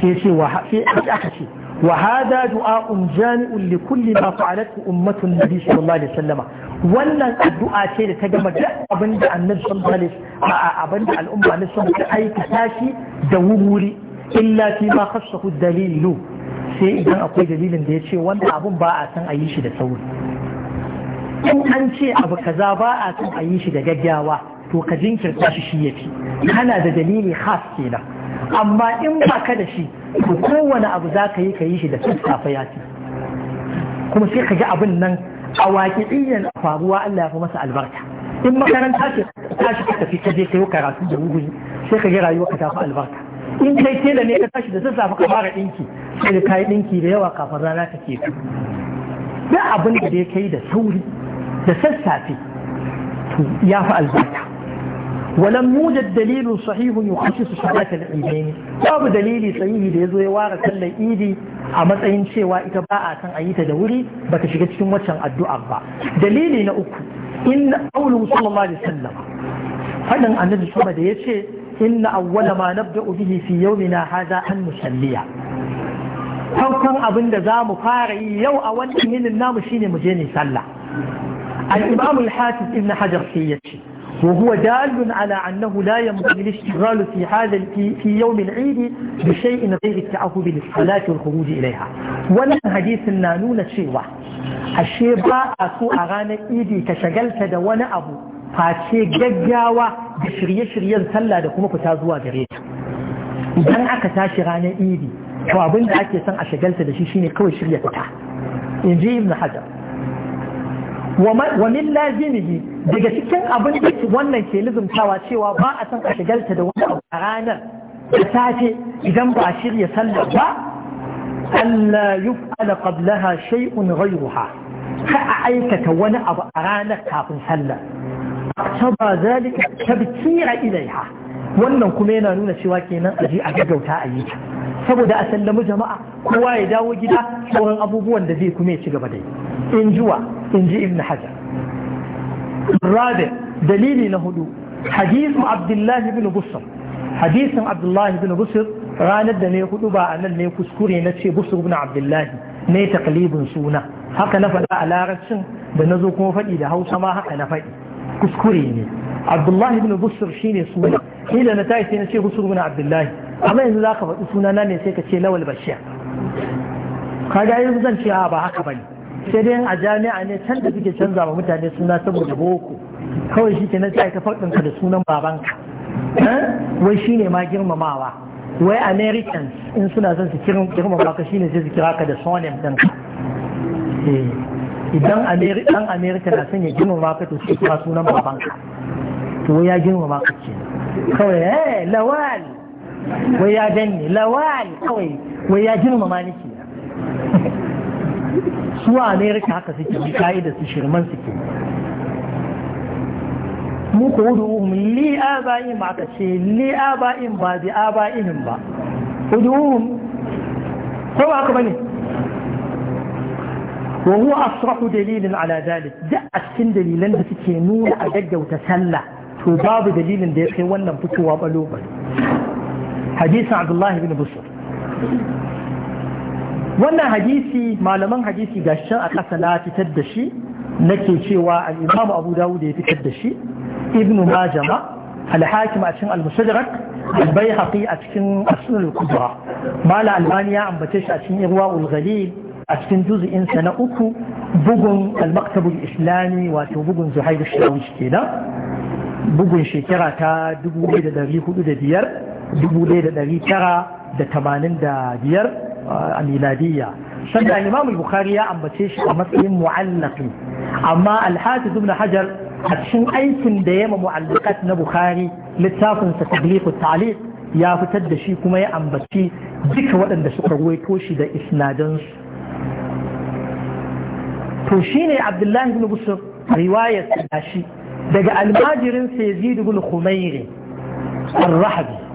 في شيء وح... ce. أحشي وهذا دعاء جامع لكل ما فعلته أمة النبي صلى الله wannan addu'a ce da ta gama duk abin da annabi sallallahu alaihi a abin da al'umma ne sun ka aikata shi da wuri illa fi ma khassahu dalilu sai idan akwai dalilin da ya ce wannan abun ba a san a yi shi da sauri in an ce abu kaza ba a son a yi shi da gaggawa to ka jinkirta shi shi yafi kana da dalili khas kenan amma in ba ka da shi to kowane abu za ka yi ka yi shi da sassafe ya ce kuma sai ka ji abin nan a waƙiɗiyyar faruwa Allah ya fi masa albarka in makaranta ce ta tashi ka tafi ka je ka yi karatu da wuri sai ka ji rayuwa ka tafi albarka in kai tela ne ka tashi da sassafe ka fara ɗinki sai da kayi ɗinki da yawa kafin rana ta ke duk abin da ya kai da sauri da sassafe ya fi albarka ولم يوجد دليل صحيح يخصص صلاة ne? babu dalili sahihi da ya zo ya ware sallar idi a matsayin cewa ita ba a san ayi ta da wuri ba ta shiga cikin waccan addu'a ba dalili na uku inna qaulun sallallahu alaihi wasallam fadin annabi sama da yace inna awwala ma nabda'u bihi fi yawmina hadha an musalliya farkon abin da za mu fara yi yau a wannan yinin namu shine mu je ne sallah الإمام الحافظ ابن حجر سيتي وهو دال على أنه لا ينبغي الاشتغال في هذا في يوم العيد بشيء غير التعهد للصلاة والخروج إليها ولا حديث النانون شيوة الشيء باء سوء أغانى إيدي كشغلت دون أبو face gaggawa da shirye-shiryen sallah da kuma fita zuwa gare ta idan aka tashi ranar idi to abin da ake son a shagalta da shi shine kawai shirya fita in ji ibn hajar wa min lazimihi daga cikin abin da wannan ke lizumtawa cewa ba a san a shigarta da wani abu a ranar da safe idan ba a shirya sallar ba Allah yuf'ala qablaha shay'un ghayruha ka a aikata wani abu a ranar kafin sallar saba zalika tabkira ilaiha wannan kuma yana nuna cewa kenan aji a gaggauta a yi saboda a sallamu jama'a kowa ya dawo gida sauran abubuwan da zai kuma ya ci gaba da yi in juwa in ji ibn hajar rabe dalili na hudu hadisin abdullahi ibn busr hadisin abdullahi ibn busr ranar da ne hudu ba a nan ne kuskure na ce busr ibn abdullahi ne taklibin suna haka na faɗa a larabcin da na zo kuma faɗi da hausa ma haka na faɗi kuskure ne abdullahi ibn shi ne suna ni da na tashi sai na ce busr ibn abdullahi amma yanzu za ka faɗi suna na ne sai ka ce lawal bashir kaga yanzu zan ce ba haka ba ne. sai dai a jami'a ne can da suke canza wa mutane suna saboda boko kawai shi kenan sai ka faɗinka da sunan babanka eh? wai shi ne ma girmamawa wai americans in suna son su girmama ka shine sai su kira ka da sonem ɗinka eh. idan ɗan america na son ya girmama ka to sai kira sunan babanka to ya girmama ka ce kawai eh lawal wai ya gani lawal kawai wai ya girmama ni ke Suwa a amerika haka suke bi ka'ida su shirman suke mu ko uduhum li aba'in ma aka ce li aba'in ba bi aba'in ba uduhum ko ba haka bane wa huwa asrahu dalilin ala dalik da a cikin dalilan da suke nuna a gaggauta sallah to babu dalilin da ya kai wannan fitowa balo balo hadisin abdullahi bin busr wannan hadisi malaman hadisi ga shi a ƙasa na fitar da shi nake cewa al'imamu abu dawud ya fitar da shi ibn majama alhakim a cikin al-mushadrak bai haƙi a cikin asunan kubra mala albaniya ya ambace shi a cikin irwa ulgali a cikin juzu'insa na uku bugun al-maktabul islami wato bugun zuhairu shirawish kenan bugun shekara ta 1405 biyar. a miladiyya sannan imam bukhari ya ambace shi a matsayin mu'allaqi amma al-hafiz hajar a cikin aikin da yema mu'allaqat na bukhari littafin sa tabliqu ta'liq ya fitar da shi kuma ya ambaci duka waɗanda suka ruwaito shi da isnadansu to shine abdullahi ibn busr riwayar shi daga almajirin sayyid ibn khumairi الرحبي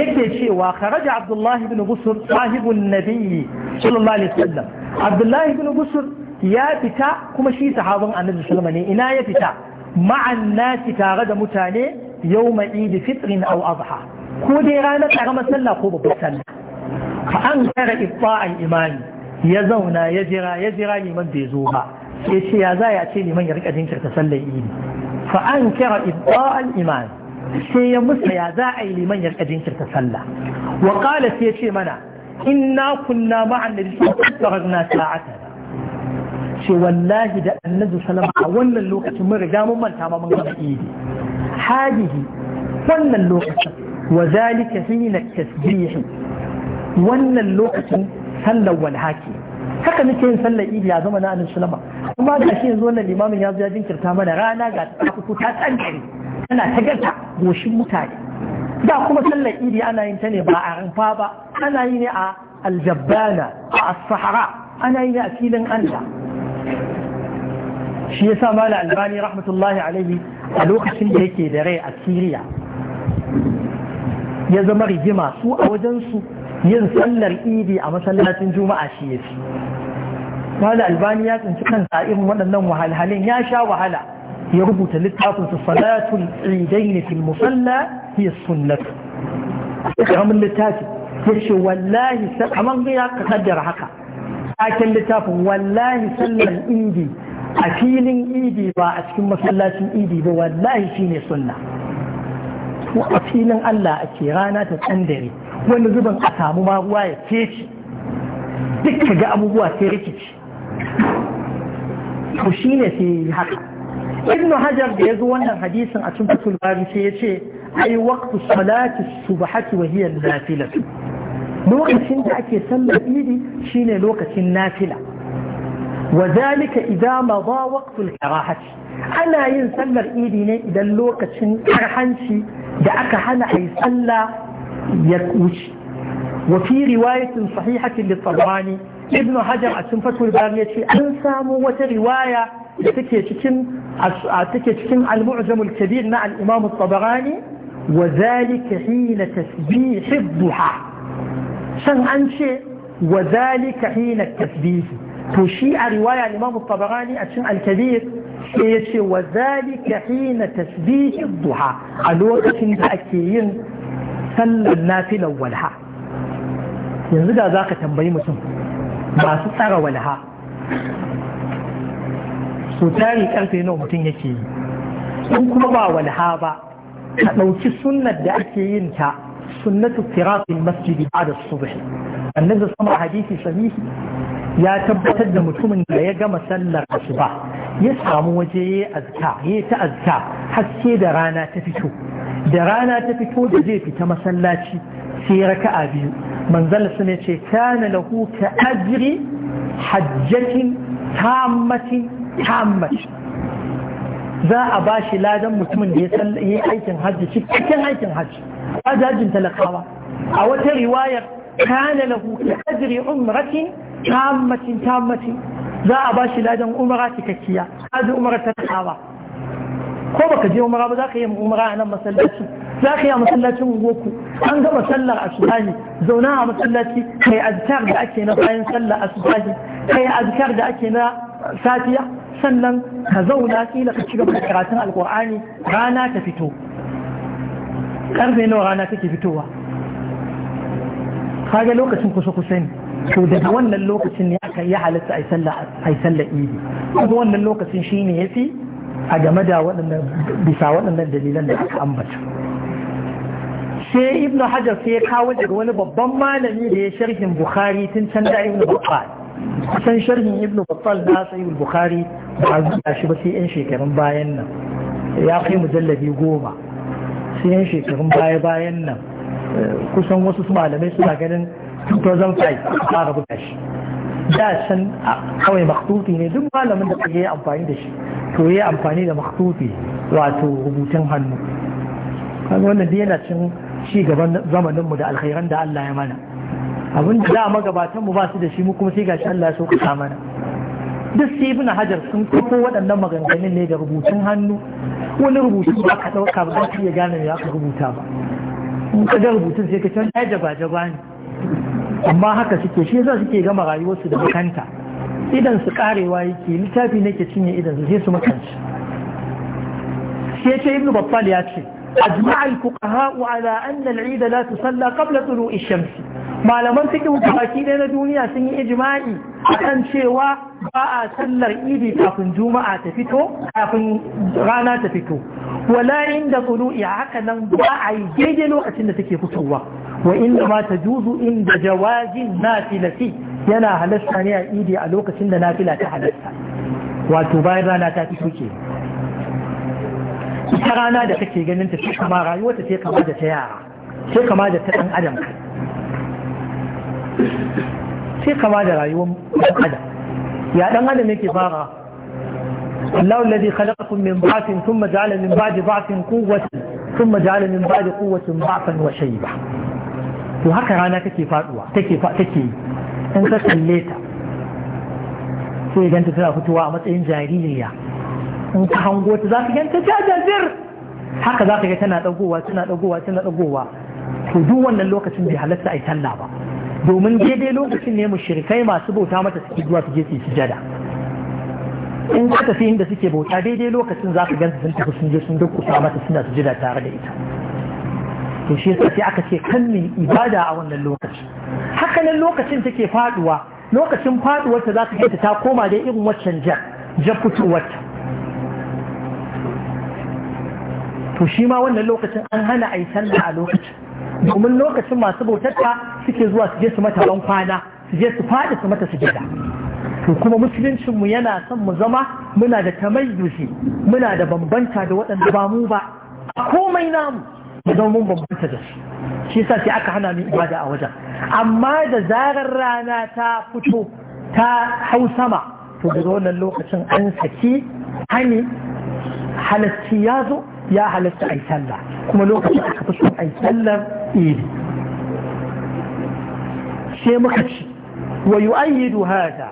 yake cewa kharaja abdullahi ibn busur sahibun nabiyyi sallallahu alaihi wasallam abdullahi busur ya fita kuma shi sahabin annabi sallama ne ina ya fita ma'an nasi tare da mutane yau idi fitrin au azha ko dai ranar karamar sallah ko babbar sallah an kara ibta'an imani ya zauna ya jira ya jira liman bai zo ba sai ce ya za ya ce liman ya rika jinkirta sallar idi fa an kara ibta'an imani sai ya musa ya za a yi liman ya rika jinkirta sallah wa qala sai ya ce mana inna kunna ma'a annabi sallallahu alaihi sa'ata ce wallahi da annabi salama a wannan lokacin mun riga mun manta ma mun gama idi hadihi wannan lokacin wa zalika hina tasbihi wannan lokacin sallar walhaki haka nake yin sallar idi a zama na annabi salama amma da shi yanzu wannan limamin ya zo ya jinkirta mana rana ga ta fito ta tsankare ana ta gata goshin mutane da kuma sallar idi ana yin ta ne ba a rumfa ba ana yi ne a aljabbana a sahara ana yi ne a filin allah shi ya sa mala albani rahmatullahi alaihi a lokacin da yake da rai a siriya ya zama rigima su a wajensu yin sallar idi a masallacin juma'a shi ya fi mala albani ya tsinci kansa irin waɗannan wahalhalin ya sha wahala ya rubuta littafinsa su salatul idaini fil musalla hiya sunnah karamin littafi yace wallahi kamar ya kaddara haka akan littafin wallahi sallar idi a filin idi ba a cikin masallacin idi ba wallahi shine sunna a filin Allah ake rana ta tsandare wani zuban a samu ma ruwa ya feci duk ga abubuwa sai rikici shi shine sai haka ibn hajar da ya zo wannan hadisin a cikin fatul bari sai ya ce ai waqtu salati subhati wa hiya nafila lokacin da ake sallar idi shine lokacin nafila wa zalika idza madha waqtul karahati ana yin sallar idi ne idan lokacin karhanci da aka hana ai sallah ya wuce wa fi riwayatin sahihatin lit-tabrani ibnu hajar a cin fatul bayan ya ce an samu wata riwaya da take cikin take cikin al-mu'jamul kabir na al-imam at-tabarani wa zalika hina tasbih duha san an ce wa zalika hina tasbih to shi a riwaya al-imam tabarani a cikin al-kabir sai ya ce wa zalika hina tasbih duha a lokacin da ake yin sallar nafilar walha yanzu da zaka tambayi mutum masu tsara walha su tsari karfe nawa mutum yake yi in kuma ba walha ba a ɗauki sunnar da ake yin ta sunnatu firafin masjidi ba da subhi annabi sama hadisi sahihi ya tabbatar da mutumin da ya gama sallar asuba ya samu waje ya azka ya ta azka haske da rana ta fito da rana ta fito da zai fita masallaci sai raka'a biyu manzala sun ya ce kana lahu ka ajri hajjatin tammatin tammatin za a ba shi ladan mutumin da ya yi aikin hajji cikin aikin hajji hajjajin talakawa a wata riwayar kana lahu ka ajri umratin tammatin tammatin za a ba shi ladan umara cikakkiya hajji umara ta tsawa ko baka je umara ba za ka yi umara a nan masallaci za ka yi a masallacin ungoku an gama sallar asubahi zauna a masallaci kai azkar da ake na bayan sallar asubahi kai azkar da ake na safiya sannan ka zauna kila ka ci gaba da karatun alkur'ani rana ta fito karfe nawa rana take fitowa kaga lokacin kusa kusa ne to daga wannan lokacin ne aka yi halitta a sallar idi kuma wannan lokacin shi ne ya fi a game da waɗannan bisa waɗannan dalilan da aka ambata sai ibn hajar sai ya kawo daga wani babban malami da ya sharhin bukhari tun can da ibn battal kusan sharhin ibn battal na sayi bukhari ba zuwa shi ba sai yan shekarun bayan nan ya kai mujallabi goma sai yan shekarun baya bayan nan eh, kusan wasu malamai suna ganin 2005 a fara buga shi da can kawai makhtufi ne duk malamin da kake amfani da shi to yi amfani da makhtufi wato rubutun hannu kan wannan da yana cin ci gaban zamaninmu da alkhairan da Allah ya mana abin da za magabatan mu ba su da shi mu kuma sai gashi Allah ya sauka mana duk sai ibn hajar sun kofo waɗannan maganganun ne da rubutun hannu wani rubutu ba ka ɗauka ba za ka iya gane me ka rubuta ba in ka ga rubutun sai ka can ya jaba jaba ne amma haka suke shi yasa suke gama rayuwarsu da makanta idan su karewa yake littafi nake cinye idan su sai su makanci sai ce ibnu babbal ya ce أجمع الفقهاء على أن العيد لا تصلى قبل طلوع الشمس ما لم تكن تأكيد أن الدنيا سنة إجماعي أن شوى باء سلر إيدي كافن جمعة تفتو كافن غانا تفتو ولا عند طلوع عقلا باء يجيجلو أسنة كفتوة وإنما تجوز عند جواز نافلة ينا هلسة إيدي ألوك سنة نافلة تحلسة وتبايرانا تاتي ta rana da kake ganin ta sai kama rayuwarta sai kama da ta yara sai kama da ta ɗan adam kai sai kama da rayuwar ɗan adam ya ɗan adam yake fara Allah alladhi khalaqakum min ba'thin thumma ja'ala min ba'di ba'thin quwwatan thumma ja'ala min ba'di quwwatin ba'than wa shayba to haka rana kake faduwa take take in ka kalle ta sai ganta tana fitowa a matsayin jaririya in ka hango ta za ka ganta jajajir haka za ka ga tana dagowa tana dagowa tana dagowa to duk wannan lokacin bai halatta a yi talla ba domin daidai lokacin ne mushrikai masu bauta mata suke zuwa su je su sujada in ka tafi inda suke bauta daidai lokacin za ka ganta sun tafi sun je sun dukkusa mata suna sujada tare da ita to shi yasa sai aka ce kan mu ibada a wannan lokacin. Haka nan lokacin take faduwa lokacin ta za ka ta koma dai irin waccan jar jar fitowarta to shi ma wannan lokacin an hana a yi sallah a lokacin domin lokacin masu bautarta suke zuwa su je su mata ban kwana su je su faɗi su mata sujada to kuma musuluncinmu yana son mu zama muna da tamayyuzi muna da bambanta da waɗanda ba mu ba a komai namu mu zama mun bambanta da su shi yasa sai aka hana mu ibada a wajen amma da zarar rana ta fito ta hau sama to daga wannan lokacin an saki hani halacci ya zo ya halatta a yi sallah kuma lokacin aka fi son a yi sallar idi sai muka ci wa yi hada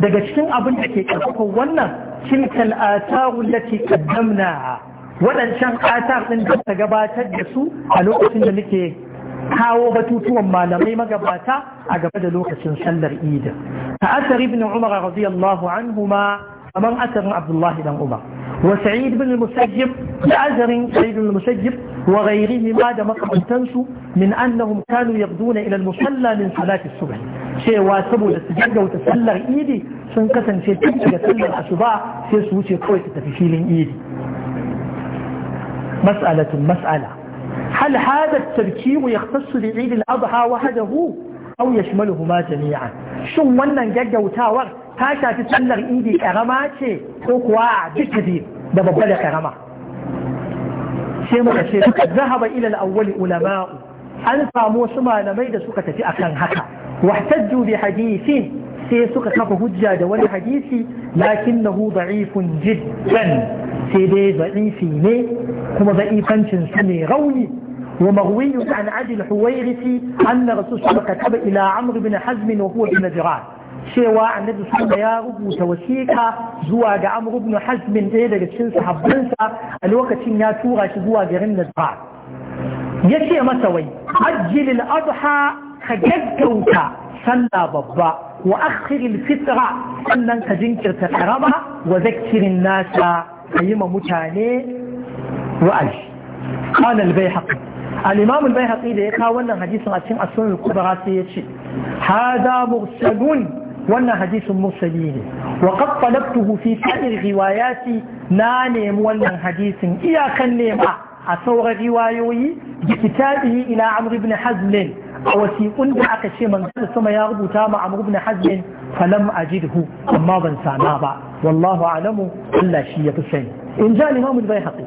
daga cikin abin da ke karfafa wannan tilkal atahu lati a waɗancan atar ɗin da ta gabatar da su a lokacin da nake kawo batutuwan malamai magabata a gaba da lokacin sallar idin. Ta'asar ibn Umar radiyallahu anhu ma kamar asarin abdullahi dan uba wa sa'id bin musajjib da azarin sa'id bin musajjib wa ghairihi ma da makamantansu min annahum kanu yaqduna ila al-musalla min salati subh cewa saboda su gaggauta sallar idi sun kasance tun daga sallar asuba sai su wuce kawai su tafi filin idi mas'alatun mas'ala hal hada at-tarkibu yahtassu bi Eid al-Adha wahdahu aw yashmaluhuma jami'an shin wannan gaggautawar ta shafi sallar idi karama ce ko kuwa a duka da babba da karama sai muka ce duka zahaba ila al-awwali ulama'u an samu wasu malamai da suka tafi akan haka wahtajju bi hadisi sai suka kafa hujja da wani hadisi lakinnahu da'ifun jiddan sai dai da'ifi ne kuma da'ifancin su ne rauni ومروي عن عدي الحويرث أن الرسول صلى الله عليه وسلم كتب إلى عمرو بن حزم وهو بنجران cewa annabi sallallahu ya rubuta wasiƙa zuwa ga Amr ibn Hazm ɗaya daga cikin sahabbansa a lokacin ya tura shi zuwa garin nazra yace masa wai ajjil al-adha ka gaggauta sallah babba wa akhir al-fitra sannan ka jinkirta karaba wa zakkirin nasa kayima mutane wa'azi قال البيهقي الإمام البيهقي ده يقول أن حديث عن السنن الكبرى سيتشي هذا مرسل wannan hadisin mursali ne wa qad talabtuhu fi sa'ir riwayati na nemi wannan hadisin iyakan nema a sauran riwayoyi bi ina ila amr ibn hazm a wasiqun da aka ce manzon sama ya rubuta ma amr ibn hazm falam ajidhu amma ban sana ba wallahu alamu Allah shi ya fi in ja imam al-baihaqi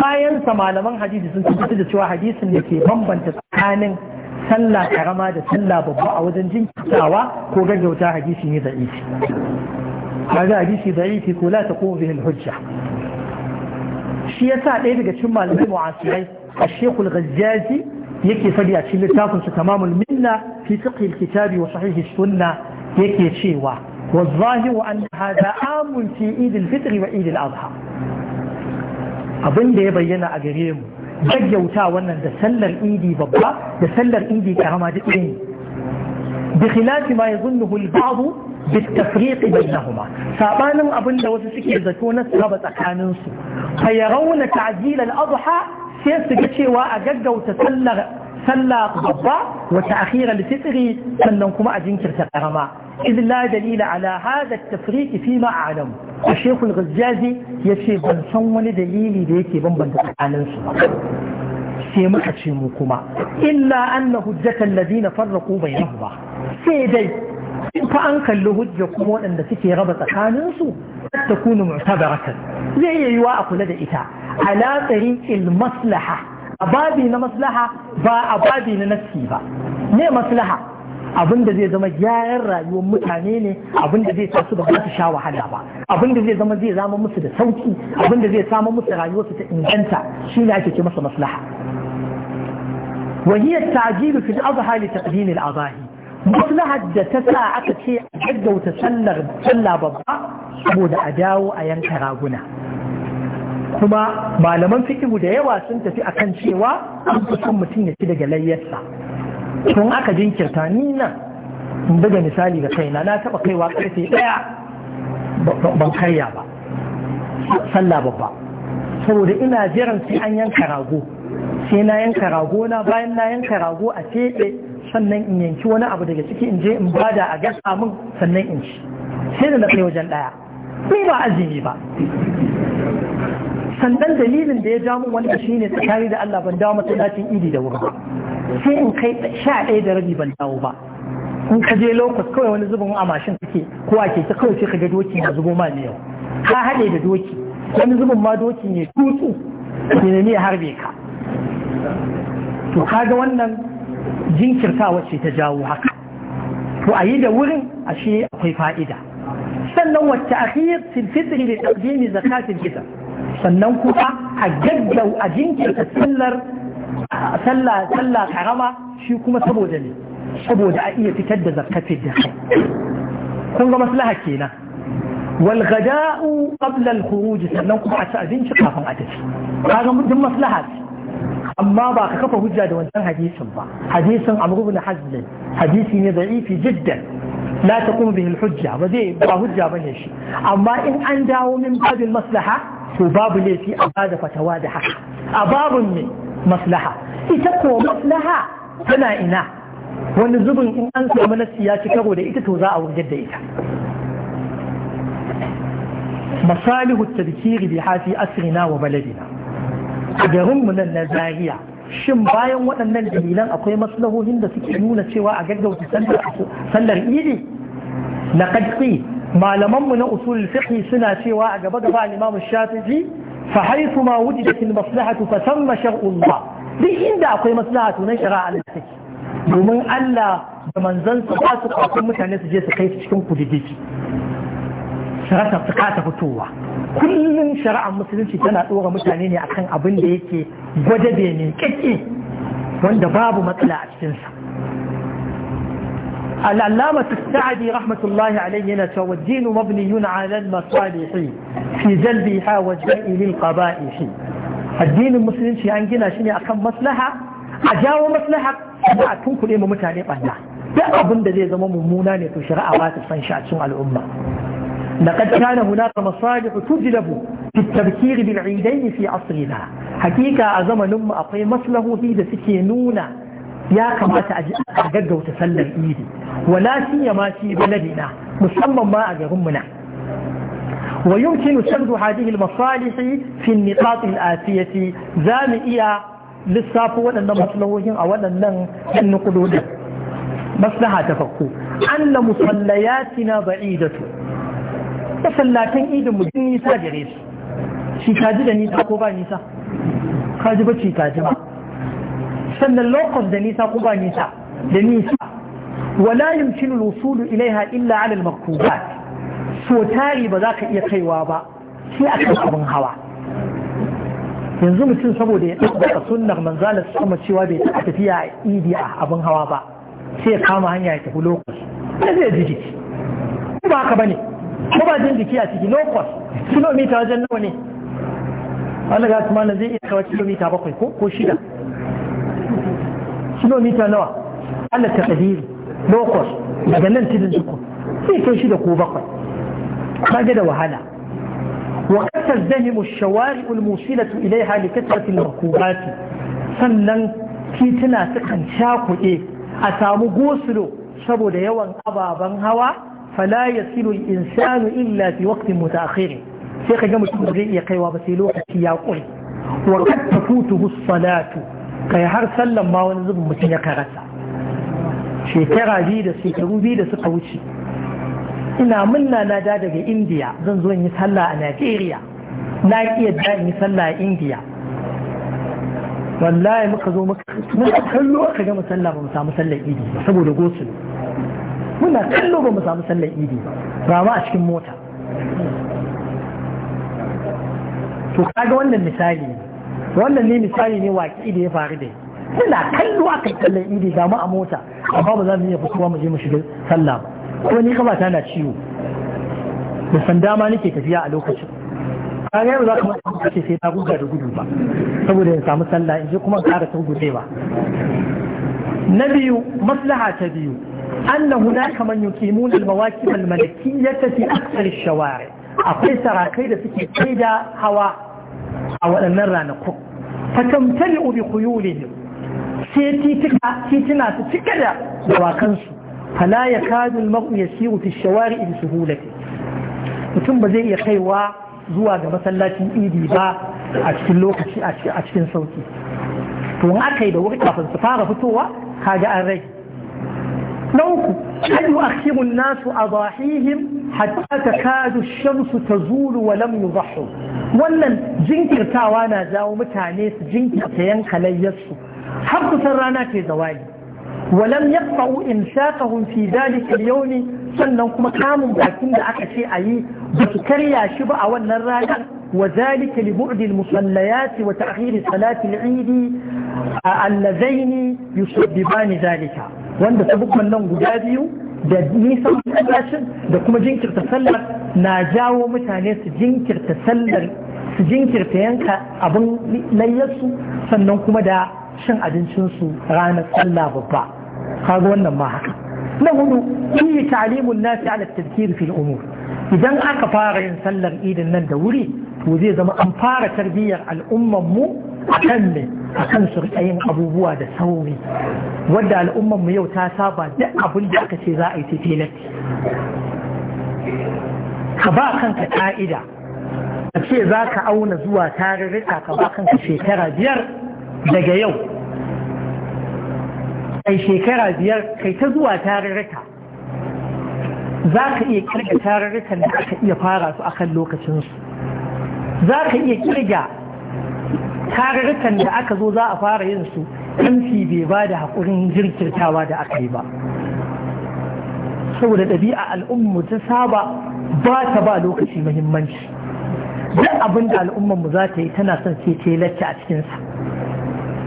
bayan sa malaman hadisi sun tabbata da cewa hadisin da ke bambanta tsakanin sallah karama da sallah babba a wajen jinkitawa ko gaggauta hadisi ne da isi kaga hadisi da isi ko la ta bihi al-hujja shi yasa ɗaya daga cikin malamai mu'asirai a sheikh al yake fadi a cikin littafin sa tamamul minna fi fiqh al-kitabi wa sahih sunna yake cewa wa zahiru an hada amun fi Eid fitri fitr wa Eid adha abin da ya bayyana a gare mu gaggauta wannan da sallar indi babba da sallar idi karama duk irin bi khilafi ma yazunnuhu al-ba'd bi at-tafriq bainahuma sabanin abinda wasu suke zato na sabba tsakanin su fa yarawna ta'jil al sai su ga cewa a gaggauta sallar sallah babba wata ta'khir al-fitr sannan kuma a jinkirta karama illa la dalila ala hadha at-tafriq fi ma a'lam Sheikh al-Ghazzazi yace ban san wani dalili da yake bambanta tsakaninsu su sai muka ce mu kuma illa anna hujjatal ladina farraqu bainahuma sai dai in an kalli hujja kuma waɗanda suke raba tsakaninsu. su ta kunu mu'tabaratan zai iya yiwa a kula da ita ala tariqil maslaha a babi na maslaha ba a babi na nassi ba ne maslaha abin da zai zama gyaran rayuwar mutane ne abin da zai sa su ba su sha wahala ba abin da zai zama zai zama musu da sauki abin da zai samu musu rayuwar su ta inganta shi ne ake ce masa maslaha wa hiya ta'jilu fil adha li taqdim al adahi maslaha da ta sa aka ce a gaggauta sallar sallah babba saboda a dawo a yanka raguna kuma malaman fikihu da yawa sun tafi a kan cewa an fi son mutum ya ci daga layyarsa tun aka jinkirta ni nan in daga misali da kaina na taba kaiwa karfe daya ban karya ba sallah babba saboda ina jiran sai an yanka rago sai na yanka rago na bayan na yanka rago a teɓe sannan in yanki wani abu daga ciki in je in bada a gasa min sannan in ci sai da na kai wajen ɗaya, ni ba azumi ba sannan dalilin da ya ja mun wani shi ne tsakani da Allah ban dawo masallacin idi da wuri sai in kai sha ɗaya da rabi ban dawo ba in ka je lokus kawai wani zubin a mashin kake ko a keke kawai sai ka ga doki na zubo ma ne yau ka haɗe da doki wani zubin ma doki ne tutsu ne ne harbe ka to kaga wannan jinkirtawa ce ta jawo haka to a yi da wurin ashe akwai fa'ida sannan wacce akhir fil fitri li taqdimi zakatil fitr sannan kuma a gaggau a jinkirta sallar sallah sallah karama shi kuma saboda ne saboda a iya fitar da zakafi da kai kun ga maslaha kenan wal ghada'u qabla al khuruj sannan kuma a ci abinci kafin a tafi kaga duk maslaha amma ba ka kafa hujja da wancan hadisin ba hadisin amru ibn hazm hadisi ne da'ifi jiddan la taqum bihi al hujja ba zai ba hujja bane shi amma in an dawo min babil maslaha to babu laifi a bada fatawa da haka a babun ne maslaha ita ko maslaha tana ina wani zubin in an samu na siya ci karo da ita to za a wurgar da ita masalihu tadkiri bi hafi asirina wa baladina a garinmu nan na Zariya shin bayan waɗannan dalilan akwai maslahohin da suke nuna cewa a gaggauta sallar idi na qila malamanmu na usul fiqh suna cewa a gaba gaba al-imam shafi'i fa haythu ma wujidat al-maslahatu fa thamma unguwa. duk inda akwai maslaha to nan shari'a Allah take domin Allah da manzansa ba su kwakwai mutane su je su kai su cikin kudidiki shari'a ta kata fitowa kullum shari'ar musulunci tana ɗora mutane ne akan abin da yake gwada bene ne wanda babu matsala a cikinsa العلامة السعدي رحمة الله عليه نشا والدين مبني على المصالح في جلبها والداء للقبائح الدين المسلم في أنجنا شنو أكم مصلحة أجاو مصلحة ba a tunkule ma mutane ɓanna duk abin da zai zama mummuna ne to shari'a ba ta san shi a cikin al'umma لقد كان هناك مصالح تجلب في التبكير بالعيدين في عصرنا حقيقة أزمن أقوي مسله في دسكي نونا ya kamata a gaggauta sallar idi wala ya ma fi ladina, musamman ma a garin muna wa yumkinu sardu hadhihi al fi an-niqat al-atiyati zamu iya lissafo waɗannan maslahohin a waɗannan yan nukudodin maslaha ta farko anna musallayatina ba'idatu masallatan idin mu din nisa gare su shi ji da nisa ko ba nisa ji ba ci ji ba sannan lokos da nisa ko ba nisa da nisa wala yumkinu al-wusul ilaiha illa ala al-maktubat so tari ba za ka iya kaiwa ba sai a kan abin hawa yanzu mutum saboda ya ɗaukaka sunnar manzalar sama cewa bai taɓa tafiya a idi a abin hawa ba sai ya kama hanya ya tafi lokos sai zai jiki. jiki ba haka ba ne ko ba jin jiki a ciki lokos kilomita wajen nawa ne wanda ga su zai iya kawai kilomita bakwai ko shida شنو ميتا نوع على التقدير نوقر قلن تدن جكو في تنشيد قوبقة ما جدا وهلا وقد تزدهم الشوارع الموصلة إليها لكثرة المركوبات سنن كيتنا سكن شاكو إيه أتامو قوسلو سبو ديوان أبا هوا فلا يصل الإنسان إلا في وقت متأخر شيخ جمش مرئي قيوا بسيلوح وقد تفوته الصلاة kai har sallan ma wani zubin mutum ya karanta shekara biyu da shekaru biyu da suka wuce ina munna na da daga indiya zan zo yi sallah a najeriya na iya da yi sallah a indiya wallahi muka zo muka kallo aka gama sallah ba mu samu sallar idi saboda gosul muna kallo ba mu samu sallar idi ba ma a cikin mota to kaga wannan misali ne wannan ne misali ne waki da ya faru da ina kallo kai kallon idi ga mu a mota amma ba za mu iya fitowa mu je mu shiga sallah ba kuma ni kaba na ciwo da sanda ma nake tafiya a lokacin kaga yau za ka mata ce sai ta guga da gudu ba saboda in samu sallah in je kuma ƙara ta gude ba na biyu maslaha ta biyu أن هناك من يقيمون المواكب الملكية في akwai sarakai da suke لسكي قيدة hawa. a waɗannan ranakun fatamtali ubi kuyulihim sai titina su cika da dawakansu fala ya kadun maku ya siru fi shawari in su hulati mutum ba zai iya kaiwa zuwa ga masallacin idi ba a cikin lokaci a cikin sauki to in aka yi da wuri kafin su fara fitowa kaga an rage نوكو هل يؤخر الناس أضاحيهم حتى تكاد الشمس تزول ولم يضحوا ولن جنك تاوانا زاو متانيس جنك تيان خليس حق سرانا في زوالي ولم يقطعوا إمساكهم في ذلك اليوم سنوكم كاموا بأكين لأكا أي بتكري أشبع ونرانا وذلك لبعد المصليات وتأخير صلاة العيد آه، اللذين يسببان ذلك wanda sabubban nan guda biyu da nisan masallacin da kuma jinkirta sallar na jawo mutane su jinkirta sallar su jinkirta yanka abin layyarsu sannan kuma da shan abincinsu ranar sallah babba kaga wannan ma haka na hudu yi ta'limun nasi ala tadhkir fil umur idan aka fara yin sallar idin nan da wuri to zai zama an fara tarbiyyar al'ummanmu a kan ne a kan surƙayin abubuwa da sauri wadda al'ummanmu yau ta saba duk abin da aka ce za a yi titilati ka ba kanka ƙa'ida a ce za ka auna zuwa tarurruka ka ba kanka shekara biyar daga yau ai shekara biyar kai ta zuwa tarurruka za ka iya kirga tarurrukan da aka iya fara su akan lokacinsu za ka iya kirga tarurrukan da aka zo za a fara yin su mc bai ba da haƙurin jirkirtawa da aka yi ba saboda ɗabi'a al'ummu ta saba ba ta ba lokaci muhimmanci duk abin da al'ummarmu za ta yi tana son ce ta yi lacce a cikinsa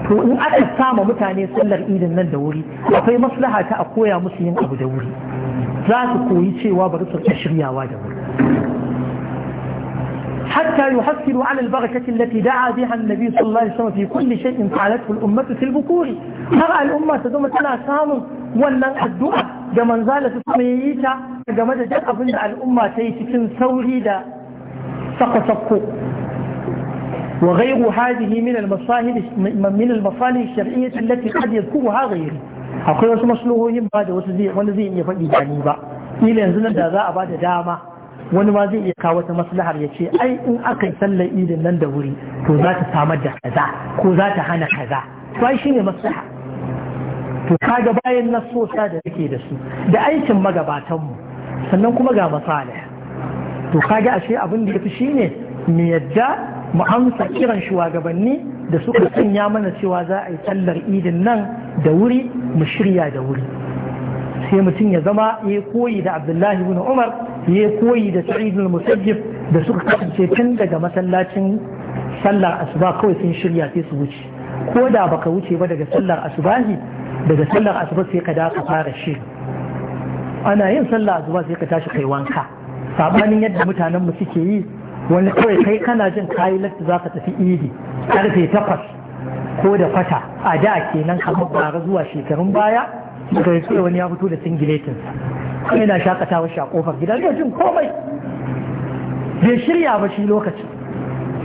to in aka sama mutane sallar idin nan da wuri akwai maslaha ta a koya musu yin abu da wuri za su koyi cewa bari su shiryawa da wuri حتى يحصل على البركة التي دعا بها النبي صلى الله عليه وسلم في كل شيء فعلته الأمة في البكور هرأى الأمة تدوم تنا سامن wannan addu'a da manzala su kuma yi ta game da duk abin al'umma ta yi cikin sauri da sako-sako wa ghairu hadihi min al-masalih shar'iyyah allati qad yadhkuruha ghayri akwai wasu maslahohin wasu zai wani zai iya faɗi da ni ba yanzu nan da za a ba da dama wani ma zai iya kawo wata maslahar ya ce ai in aka yi sallar idin nan da wuri to za ta samar da kaza ko za ta hana kaza to ai shine maslaha to kaga bayan nasosa da take da su da aikin magabatanmu sannan kuma ga masalih to kaga ashe abin da yafi shine mu yadda mu amsa kiran shugabanni da suka sanya mana cewa za a yi sallar idin nan da wuri mu shirya da wuri sai mutum ya zama ya koyi da abdullahi ibn umar ya koyi da sa'id al da suka kasance tun daga masallacin sallar asuba kawai sun shirya sai su wuce ko da baka wuce ba daga sallar asubahi daga sallar asuba sai ka da ka fara shi ana yin sallar asuba sai ka tashi kai wanka sabanin yadda mutanen mu suke yi wani kawai kai kana jin kayi latti za tafi idi karfe takwas ko da Fata, a da kenan kamar bara zuwa shekarun baya daga wani ya fito da singiletinsa kuma yana shakata shi a kofar gida zai jin komai bai shirya ba shi lokacin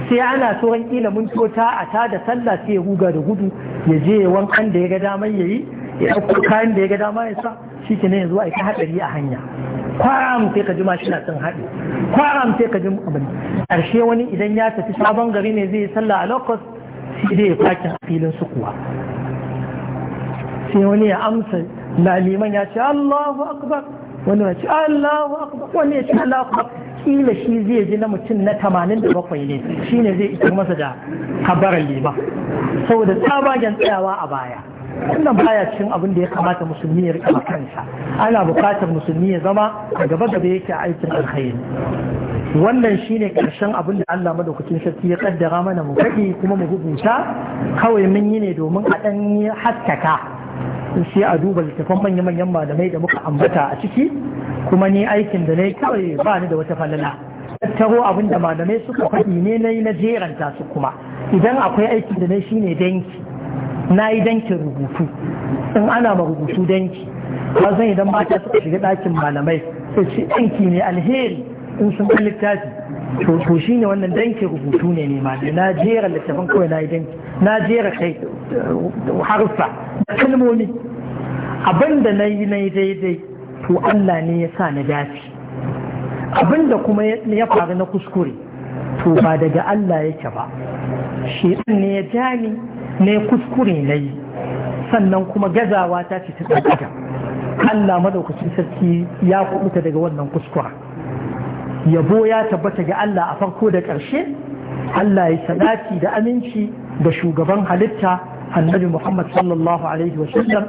sai ana so ran kila mun tota a ta da sallah sai ya huga da gudu ya je ya wankan da ya ga damar ya yi ya ɗauko kayan da ya ga dama ya sa shi ke yanzu a ita haɗari a hanya kwara mu sai ka ji na sun haɗe kwara mu sai ka ji abin ƙarshe wani idan ya tafi sabon gari ne zai yi sallah a lokos sai dai ya fakin a filin kuwa. sai wani ya amsa laliman ya ce Allahu akbar wani ya ce Allahu wani ya ce Allahu akbar kila shi zai ji na mutum na 87 ne shine zai isar masa da habaran liba saboda tsabagen tsayawa a baya wannan baya cikin abin da ya kamata musulmi ya rika kansa ana bukatar musulmi ya zama a gaba gaba yake aikin alkhairi wannan shine ƙarshen abin da Allah madaukakin sarki ya kaddara mana mu faɗi kuma mu rubuta kawai mun yi ne domin a ɗan haskaka to sai a duba littafan manya-manyan malamai da muka ambata a ciki kuma ni aikin da na kawai ba ni da wata falala tattaro abin da malamai suka faɗi ne na yi na jeranta su kuma idan akwai aikin da na shine danki na yi dankin rubutu in ana ma rubutu danki ba zan idan mata suka shiga ɗakin malamai sai ce danki ne alheri in sun ga littafi to shi ne wannan danke rubutu ne nema ne na jera littafin kawai na yi danke na jera kai eh, kalmomi abinda na yi na yi daidai to Allah ne ya sa na dafi abinda kuma ya faru na kuskure to ba daga Allah yake ba shi ne ya jani ne kuskure na yi sannan kuma gazawa ta ce ta Allah maɗaukacin sarki ya kubuta daga wannan kuskura yabo ya tabbata ga Allah a farko da ƙarshe Allah ya salati da aminci da shugaban halitta annabi Muhammad sallallahu alaihi wasallam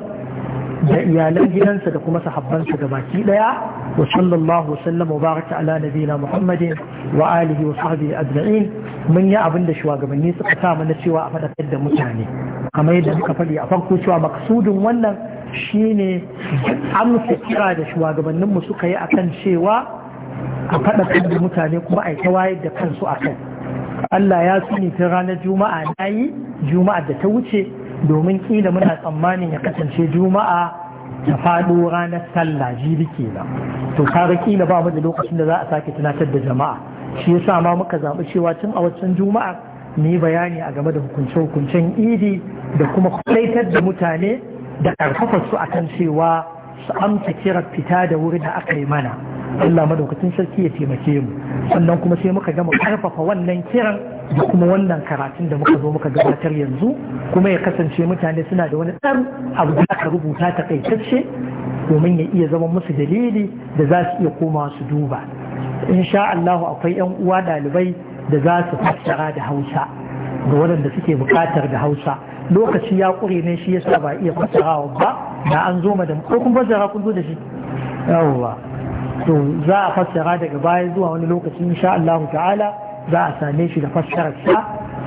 da iyalan gidansa da kuma sahabbansa ga baki daya wa sallallahu wasallam wa baraka ala nabiyina Muhammadin wa alihi wa sahbihi ajma'in mun yi abin da shugabanni suka sa mana cewa a fadakar da mutane kamar yadda muka faɗi a farko cewa maksudin wannan shine amsa kira da shugabanninmu suka yi akan cewa a faɗa da mutane kuma a ta wayar da kansu a kai Allah ya sani ta ranar juma'a na yi juma'a da ta wuce domin kila muna tsammanin ya kasance juma'a ta faɗo ranar sallah jibi kenan to kare kila ba mu da lokacin da za a sake tunatar da jama'a shi yasa ma muka zaɓi cewa tun a waccan juma'a ni bayani a game da hukunce-hukuncen idi da kuma kwaitar da mutane da ƙarfafa su akan cewa su amsa kiran fita da wuri da aka yi mana Allah madaukakin sarki ya taimake mu sannan kuma sai muka gama karfafa wannan kiran da kuma wannan karatun da muka zo muka gabatar yanzu kuma ya kasance mutane suna da wani ɗan abu da aka rubuta takaitacce domin ya iya zama musu dalili da za su iya koma su duba insha Allah akwai yan uwa ɗalibai da za su fassara da Hausa ga waɗanda suke buƙatar da Hausa lokaci ya ƙure ne shi yasa ba iya fassarawa ba da an zo ma da ko kun fassara kun zo da shi yawwa to za a fassara daga baya zuwa wani lokaci insha Allah ta'ala za a same shi da fassarar sa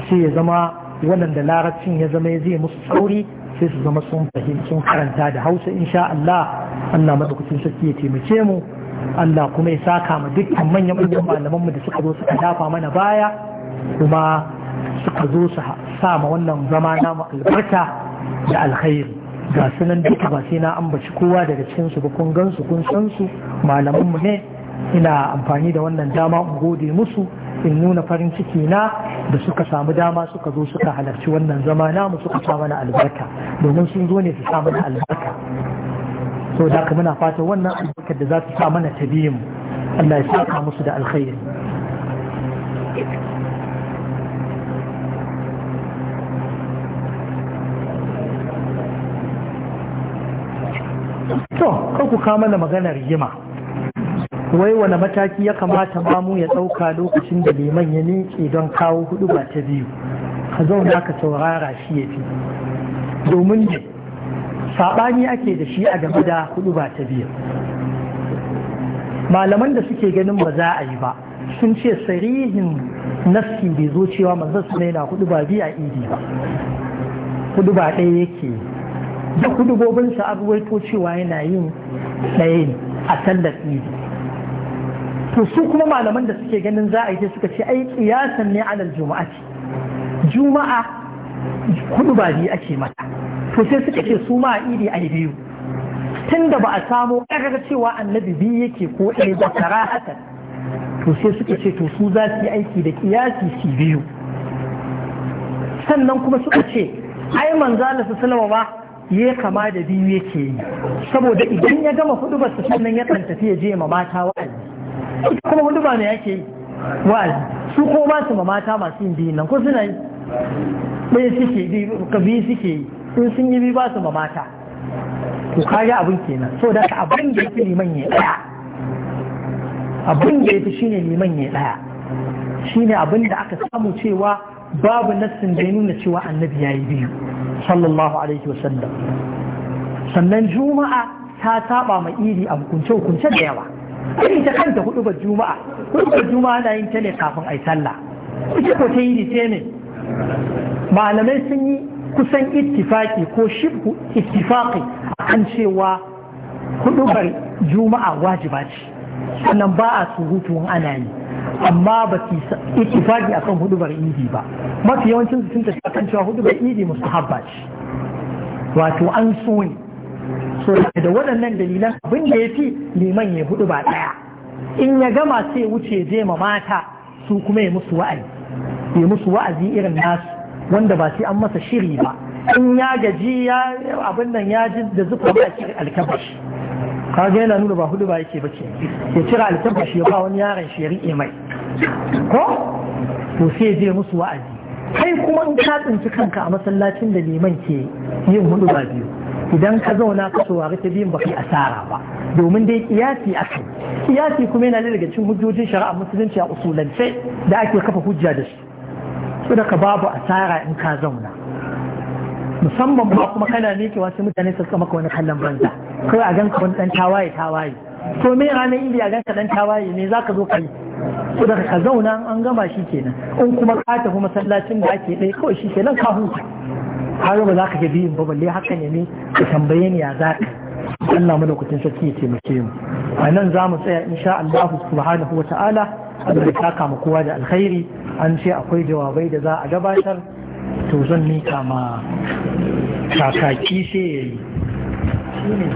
sai ya zama waɗanda larabcin ya zama ya zai musu sauri sai su zama sun fahimci sun karanta da Hausa insha Allah Allah madaukakin sarki ya taimake mu Allah kuma ya saka mu dukkan manyan manyan malamanmu da suka zo suka dafa mana baya kuma suka zo su sa ma wannan zama na albarka da alkhairi ga sunan duka ba sai na ambaci kowa daga cikin su ba kun gan su kun san su malaman mu ne ina amfani da wannan dama in gode musu in nuna farin ciki na da suka samu dama suka zo suka halarci wannan zama namu suka sa mana albarka domin sun zo ne su sa mana albarka so da haka muna fata wannan albarkar da za su sa mana ta Allah ya saka musu da alkhairi to kai ku kama da maganar yima wai wani mataki ya kamata mamu ya ɗauka lokacin da liman ya nike don kawo hudu ba ta biyu ka zauna ka saurara shi ya fi domin ne saɓani ake da shi a game da hudu ba ta biyu malaman da suke ganin ba za a yi ba sun ce sarihin nassi bai zo cewa manzon su na hudu ba biyu a idi ba hudu ba ɗaya yake yi da gobin sa to cewa yana yin ɗaya a tallafi to su kuma malaman da suke ganin za a yi suka ce ai kiyasan ne alal juma'a juma'a kudu ba biyu ake mata to sai suka ce su ma idi a biyu tun da ba a samo ƙarar cewa annabi biyu yake ko ɗaya ba sarahatan to sai suka ce to su za su yi aiki da kiyasi su biyu sannan kuma suka ce ai manzo Allah sallallahu alaihi wasallam ya kama da biyu yake yi saboda idan ya gama hudu ba su sannan ya kan tafi je ma mata wa'azi kuma hudu ba ne yake yi wa'azi su ko ba su ma mata masu yin biyu nan ko suna yi ɗaya suke ka biyu suke yi in sun yi biyu ba su ma mata to kaga abin kenan so da abin da yake liman ya ɗaya abin da yake shine liman ya ɗaya shine abin da aka samu cewa babu nassin da ya nuna cewa annabi ya yi biyu sallallahu alaihi wasallam sannan juma'a ta saba mai iri a hukunce hukunce da yawa ai ta kanta hudubar juma'a hudubar juma'a na yin ta ne kafin ai sallah ita ko ta yi ce ne malamai sun yi kusan ittifaki ko shibhu ittifaki akan cewa huɗubar juma'a wajiba ce sannan ba a surutu ana yi amma ba su yi ittifaqi akan hudubar idi ba mafi yawancin su sun tafi kan cewa hudubar idi haba ce wato an so ne so da waɗannan dalilan abin da ya fi liman ya hudu ba ɗaya in ya gama sai wuce je ma mata su kuma ya musu wa'azi musu wa'azi irin nasu wanda ba sai an masa shiri ba in ya gaji ya abin nan ya ji da zufa ba alkabashi kaga yana nuna ba hudu ba yake ba ke ya cira alkabba shi ya ba wani yaron shi ya riƙe mai ko to sai je musu wa'azi kai kuma in ka tsinci kanka a masallacin da liman ke yin hudu ba biyu idan ka zauna ka saurari ta biyun ba kai asara ba domin dai kiyasi kai kiyasi kuma yana daga cikin hujjojin shari'a musulunci a usulance da ake kafa hujja da su su ka babu asara in ka zauna musamman ba kuma kana ne ke wasu mutane su suka maka wani kallon banza kawai a ka wani dan tawaye tawaye to me ranar idi a ka dan tawaye ne za ka zo kai ko da ka zauna an gama shi kenan in kuma ka tafi masallacin da ake ɗaya kawai shi kenan ka huta har ba za ka ga biyun ba balle haka ne ne ka tambaye ni ya za ka Allah madaukakin sarki ya taimake mu a nan za mu tsaya insha Allah subhanahu wa ta'ala Allah ya kama kowa da alkhairi an ce akwai jawabai da za a gabatar to zan nika ma kakaki sai yayi